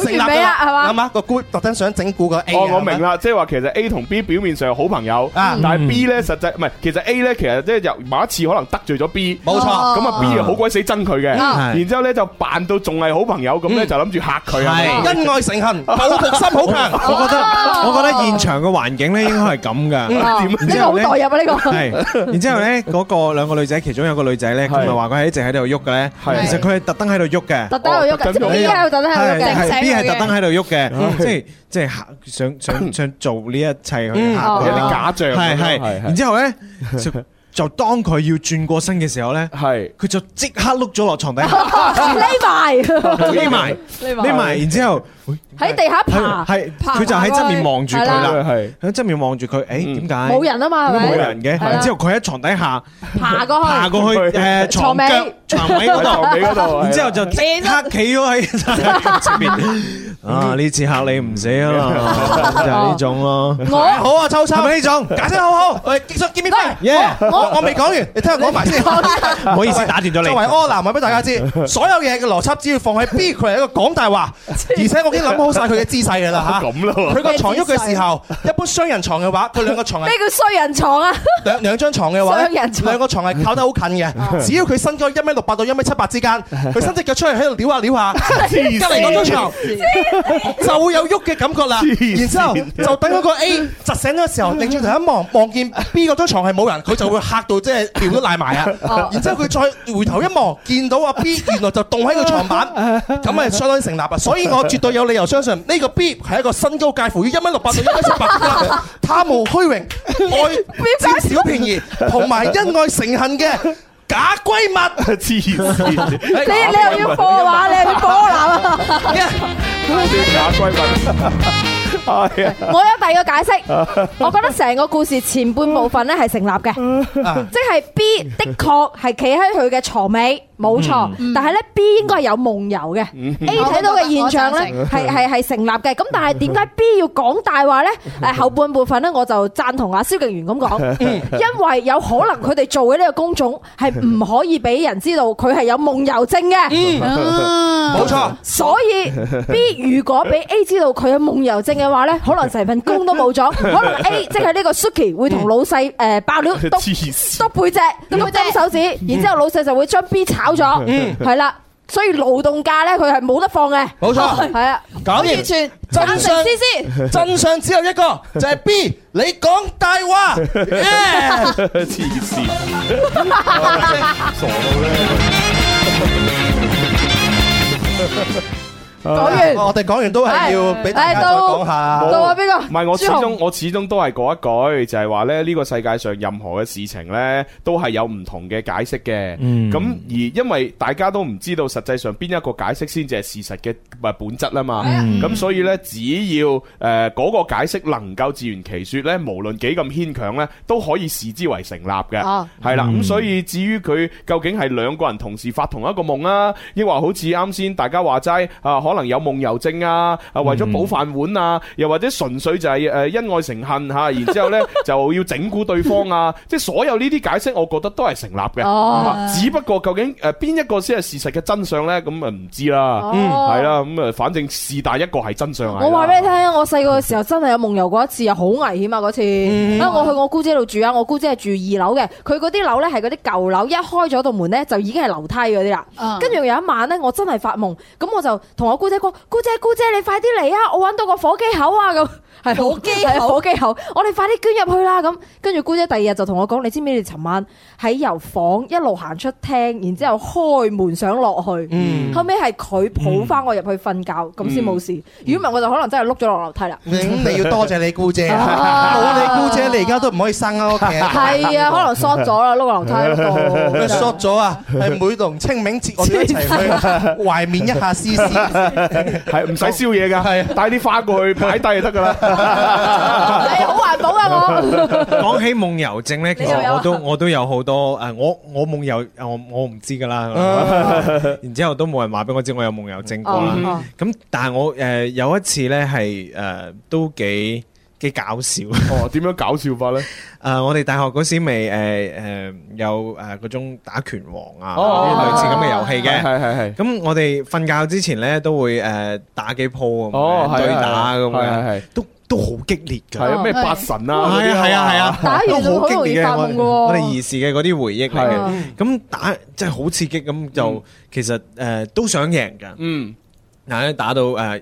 成立啦，係嘛？啱啱個特登想整蠱個 A。哦，我明啦，即係話其實 A 同 B 表面上係好朋友，但係 B 咧實際唔係，其實 A 咧其實即係由某一次可能得罪咗 B。冇錯。咁啊 B 又好鬼死憎佢嘅，然之後咧就扮到仲係好朋友，咁咧就諗住嚇佢啊！恩愛成恨，報復心好強。我覺得我覺得現場嘅環境咧應該係咁㗎，點？真係好代入啊！呢個係。然之後咧，嗰個兩個女仔其中有一個女仔咧，佢咪話佢係一直喺度喐嘅咧？其實佢係特登喺度喐嘅。特登喺度喐緊，依家又特登喺度嘅。啲係特登喺度喐嘅，即係即係想想想，想做呢一切去嚇，有啲假象，係係。然之後咧， 就當佢要轉過身嘅時候咧，係佢是就即刻碌咗落床底，匿埋匿埋匿埋，然之後，後。喺地下爬，係佢就喺側面望住佢啦。喺側面望住佢，誒，點解冇人啊？嘛都冇人嘅。之後佢喺床底下爬過去，爬過去誒，床尾床尾嗰度，床尾嗰度。然之後就即刻企咗喺側面。啊，呢次嚇你唔死啊嘛，就係呢種咯。我好啊，秋秋呢種解釋好好。喂，結束，give me five。我我未講完，你聽我講埋先。唔好意思，打斷咗你。作為柯南，話俾大家知，所有嘢嘅邏輯只要放喺 B，佢係一個講大話，而且我。你諗好晒佢嘅姿勢噶啦吓，佢個床喐嘅時候，一般雙人床嘅話，佢兩個床係咩叫雙人床啊？兩兩張床嘅話，雙人床，兩個床係靠得好近嘅，只要佢身高一米六八到一米七八之間，佢伸隻腳出去喺度撩下撩下，隔籬嗰張床就會有喐嘅感覺啦。然之後就等嗰個 A 窒醒嘅時候，擰轉頭一望望見 B 嗰張床係冇人，佢就會吓到即係尿都瀨埋啊。然之後佢再回頭一望，見到啊 B 原來就凍喺個床板，咁啊相當成立啊。所以我絕對有。我理由相信呢個 B 係一個身高介乎於一米六八到一米七八嘅，貪慕虛榮、愛小便宜同埋因愛成恨嘅假閨蜜，自自自自你你，你又要波嘅話，你又要波男啊！假閨蜜， 我有第二個解釋，我覺得成個故事前半部分咧係成立嘅，即係、嗯啊、B 的確係企喺佢嘅床尾。冇錯，但係咧 B 應該係有夢遊嘅，A 睇到嘅現象咧係係係成立嘅。咁但係點解 B 要講大話咧？誒後半部分咧我就讚同阿蕭敬元咁講，因為有可能佢哋做嘅呢個工種係唔可以俾人知道佢係有夢遊症嘅。嗯，冇錯。所以 B 如果俾 A 知道佢有夢遊症嘅話咧，可能成份工都冇咗。可能 A 即係呢個 Suki 會同老細誒爆料，篤篤背脊，篤針手指，然之後老細就會將 B 炒。搞咗，係啦，所以勞動假咧，佢係冇得放嘅，冇錯，係啊，搞完，真相，真相只有一個，就係 B，你講大話，黐線，傻到咩？講完，哦、我哋講完都係要俾大家再講下，唔係、哎、我始終我始終都係講一句，就係話咧呢、這個世界上任何嘅事情呢，都係有唔同嘅解釋嘅。咁、嗯、而因為大家都唔知道實際上邊一個解釋先至係事實嘅本質啊嘛。咁、嗯、所以呢，只要誒嗰個解釋能夠自圓其說呢，無論幾咁牽強呢，都可以視之為成立嘅。係啦、啊，咁所以至於佢究竟係兩個人同時發同一個夢啊，抑或好似啱先大家話齋啊可能有夢遊症啊，啊為咗補飯碗啊，又或者純粹就係誒恩愛成恨吓、啊，然之後咧就要整蠱對方啊，即係 所有呢啲解釋，我覺得都係成立嘅。哦啊、只不過究竟誒邊、呃、一個先係事實嘅真相咧？咁啊唔知啦。哦，係啦、啊，咁啊反正是但一個係真相啊。我話俾你聽，我細個嘅時候真係有夢遊過一次，啊好危險啊嗰次。啊、嗯嗯、我去我姑姐度住啊，我姑姐係住二樓嘅，佢嗰啲樓咧係嗰啲舊樓，一開咗道門咧就已經係樓梯嗰啲啦。嗯、跟住有一晚咧，我真係發夢，咁我就同我姑姐講：姑姐，姑姐，你快啲嚟啊！我揾到個火機口啊！咁係火機口，火機口，我哋快啲捐入去啦！咁，跟住姑姐第二日就同我講：你知唔知？你尋晚喺油房一路行出廳，然之後開門想落去，後尾係佢抱翻我入去瞓覺，咁先冇事。如果唔係，我就可能真係碌咗落樓梯啦。咁你要多謝你姑姐，冇你姑姐，你而家都唔可以生喺屋企。係啊，可能 short 咗啦，碌樓梯咯。short 咗啊！係每逢清明節，我都一齊去懷緬一下思思。係唔使燒嘢噶，帶啲花過去擺低就得噶啦，係好環保啊我。講起夢遊症咧，其實我都我都有好多誒，我我夢遊，我我唔知噶啦。然之後都冇人話俾我知我有夢遊症過啦。咁但係我誒有一次咧係誒都幾。幾搞笑哦？點樣搞笑法咧？誒，我哋大學嗰時咪誒誒有誒嗰種打拳王啊，類似咁嘅遊戲嘅。係係係。咁我哋瞓覺之前咧都會誒打幾鋪咁樣對打咁樣，都都好激烈嘅。係咩八神啊？係啊係啊係啊，都好激烈嘅。我哋兒時嘅嗰啲回憶嚟嘅。咁打真係好刺激，咁就其實誒都想贏㗎。嗯，嗱，打到誒。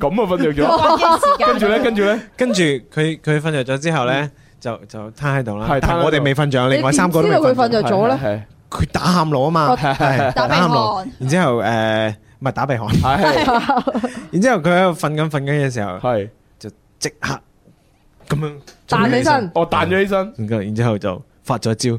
咁啊瞓着咗，跟住咧，跟住咧，跟住佢佢瞓着咗之後咧，就就癱喺度啦。係，我哋未瞓着，另外三個都未瞓着。因為佢瞓着咗咧，佢打喊羅啊嘛，打鼻鼾。然之後誒，唔係打鼻鼾。係係。然之後佢喺度瞓緊瞓緊嘅時候，係就即刻咁樣彈起身。哦，彈咗起身。然之後，然之後就發咗招。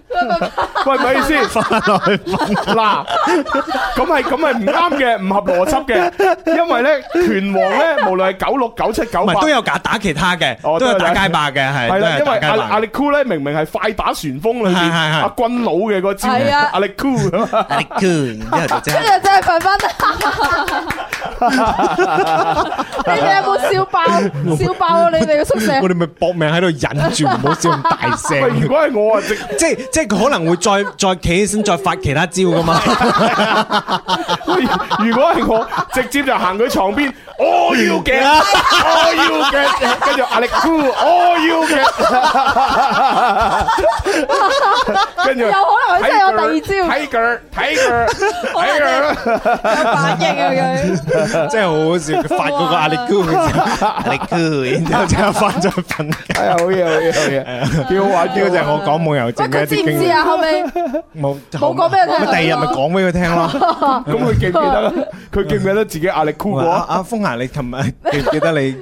喂，唔好意思，嗱，咁係咁係唔啱嘅，唔合邏輯嘅，因為咧拳王咧，無論係九六九七九八，都有打打其他嘅，都有打街霸嘅，係係因為阿阿力酷咧，明明係快打旋風裏邊阿棍佬嘅個招，係啊，阿力酷，阿力酷，今日真係粉粉，你哋有冇笑爆，笑爆咗你哋嘅宿舍，我哋咪搏命喺度忍住，唔好笑咁大聲。喂，如果係我啊，即即即。即佢可能會再再企起身再發其他招噶嘛？如果係我直接就行佢床邊，我要 get，我要 get，跟住阿力哥，我要 get 跟住有可能佢真係有第二招，睇佢！睇佢！睇佢，有反應啊佢，真係好笑，發過阿力哥，阿力哥，然之後真係翻咗去瞓，哎呀，好嘢好嘢好嘢，幾好玩！呢個就係我講夢遊症嘅。知啊，後尾冇冇講俾佢聽，咁第二日咪講俾佢聽咯。咁佢記唔記得？佢記唔記得自己壓力酷過阿風霞？你琴日記唔記得你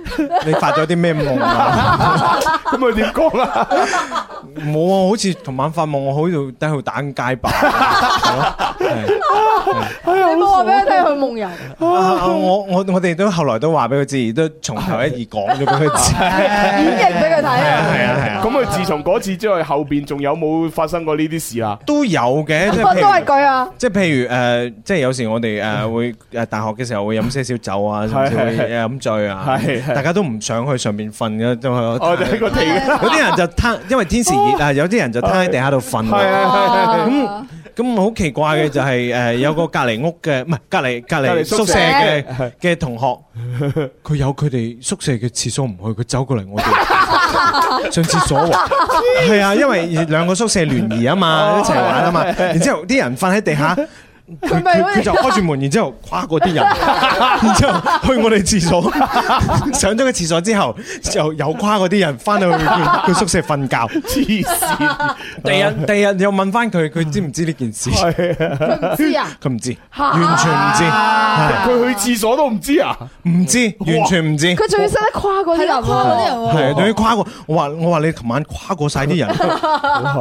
你發咗啲咩夢啊？咁佢點講啦？冇啊，好似琴晚發夢，我喺度喺度打街霸。你冇話俾佢聽佢夢遊。我我我哋都後來都話俾佢知，都從頭一而講咗俾佢知，演繹俾佢睇啊。係啊係啊。咁佢自從嗰次之外，後邊仲有冇發生？過呢啲事啦，都有嘅，即係都係句啊，即係譬如誒，即係有時我哋誒會誒大學嘅時候會飲些少酒啊，甚至誒飲醉啊，係大家都唔想去上邊瞓嘅，就係我就喺個地，有啲人就攤，因為天時熱啊，有啲人就攤喺地下度瞓，係咁好、嗯、奇怪嘅就係、是、誒、呃、有個隔籬屋嘅唔係隔籬隔籬宿舍嘅嘅、嗯、同學，佢、嗯、有佢哋宿舍嘅廁所唔去，佢走過嚟我哋 上廁所玩，係啊，因為兩個宿舍聯誼啊嘛， 一齊玩啊嘛，然之後啲人瞓喺地下。 佢佢就開住門，然之後跨過啲人，然之後去我哋廁所，上咗個廁所之後又又跨過啲人，翻去佢宿舍瞓覺，黐線！第日第日又問翻佢，佢知唔知呢件事？佢唔知啊，佢唔知，完全唔知，佢去廁所都唔知啊，唔知，完全唔知。佢仲要識得跨過啲人，啲人，係仲要跨過我話我話你琴晚跨過晒啲人，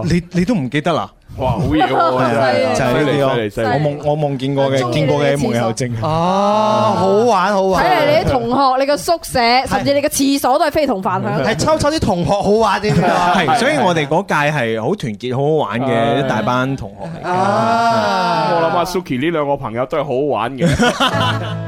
你你都唔記得啦。哇，好嘢！好犀利，犀利犀利！我夢我夢見過嘅，見過嘅夢遊症啊，好玩好玩！睇嚟你啲同學、你個宿舍，甚至你個廁所都係非同凡響。係抽抽啲同學好玩啲，係。所以我哋嗰屆係好團結、好好玩嘅一大班同學嚟。咁我諗阿 Suki 呢兩個朋友都係好好玩嘅。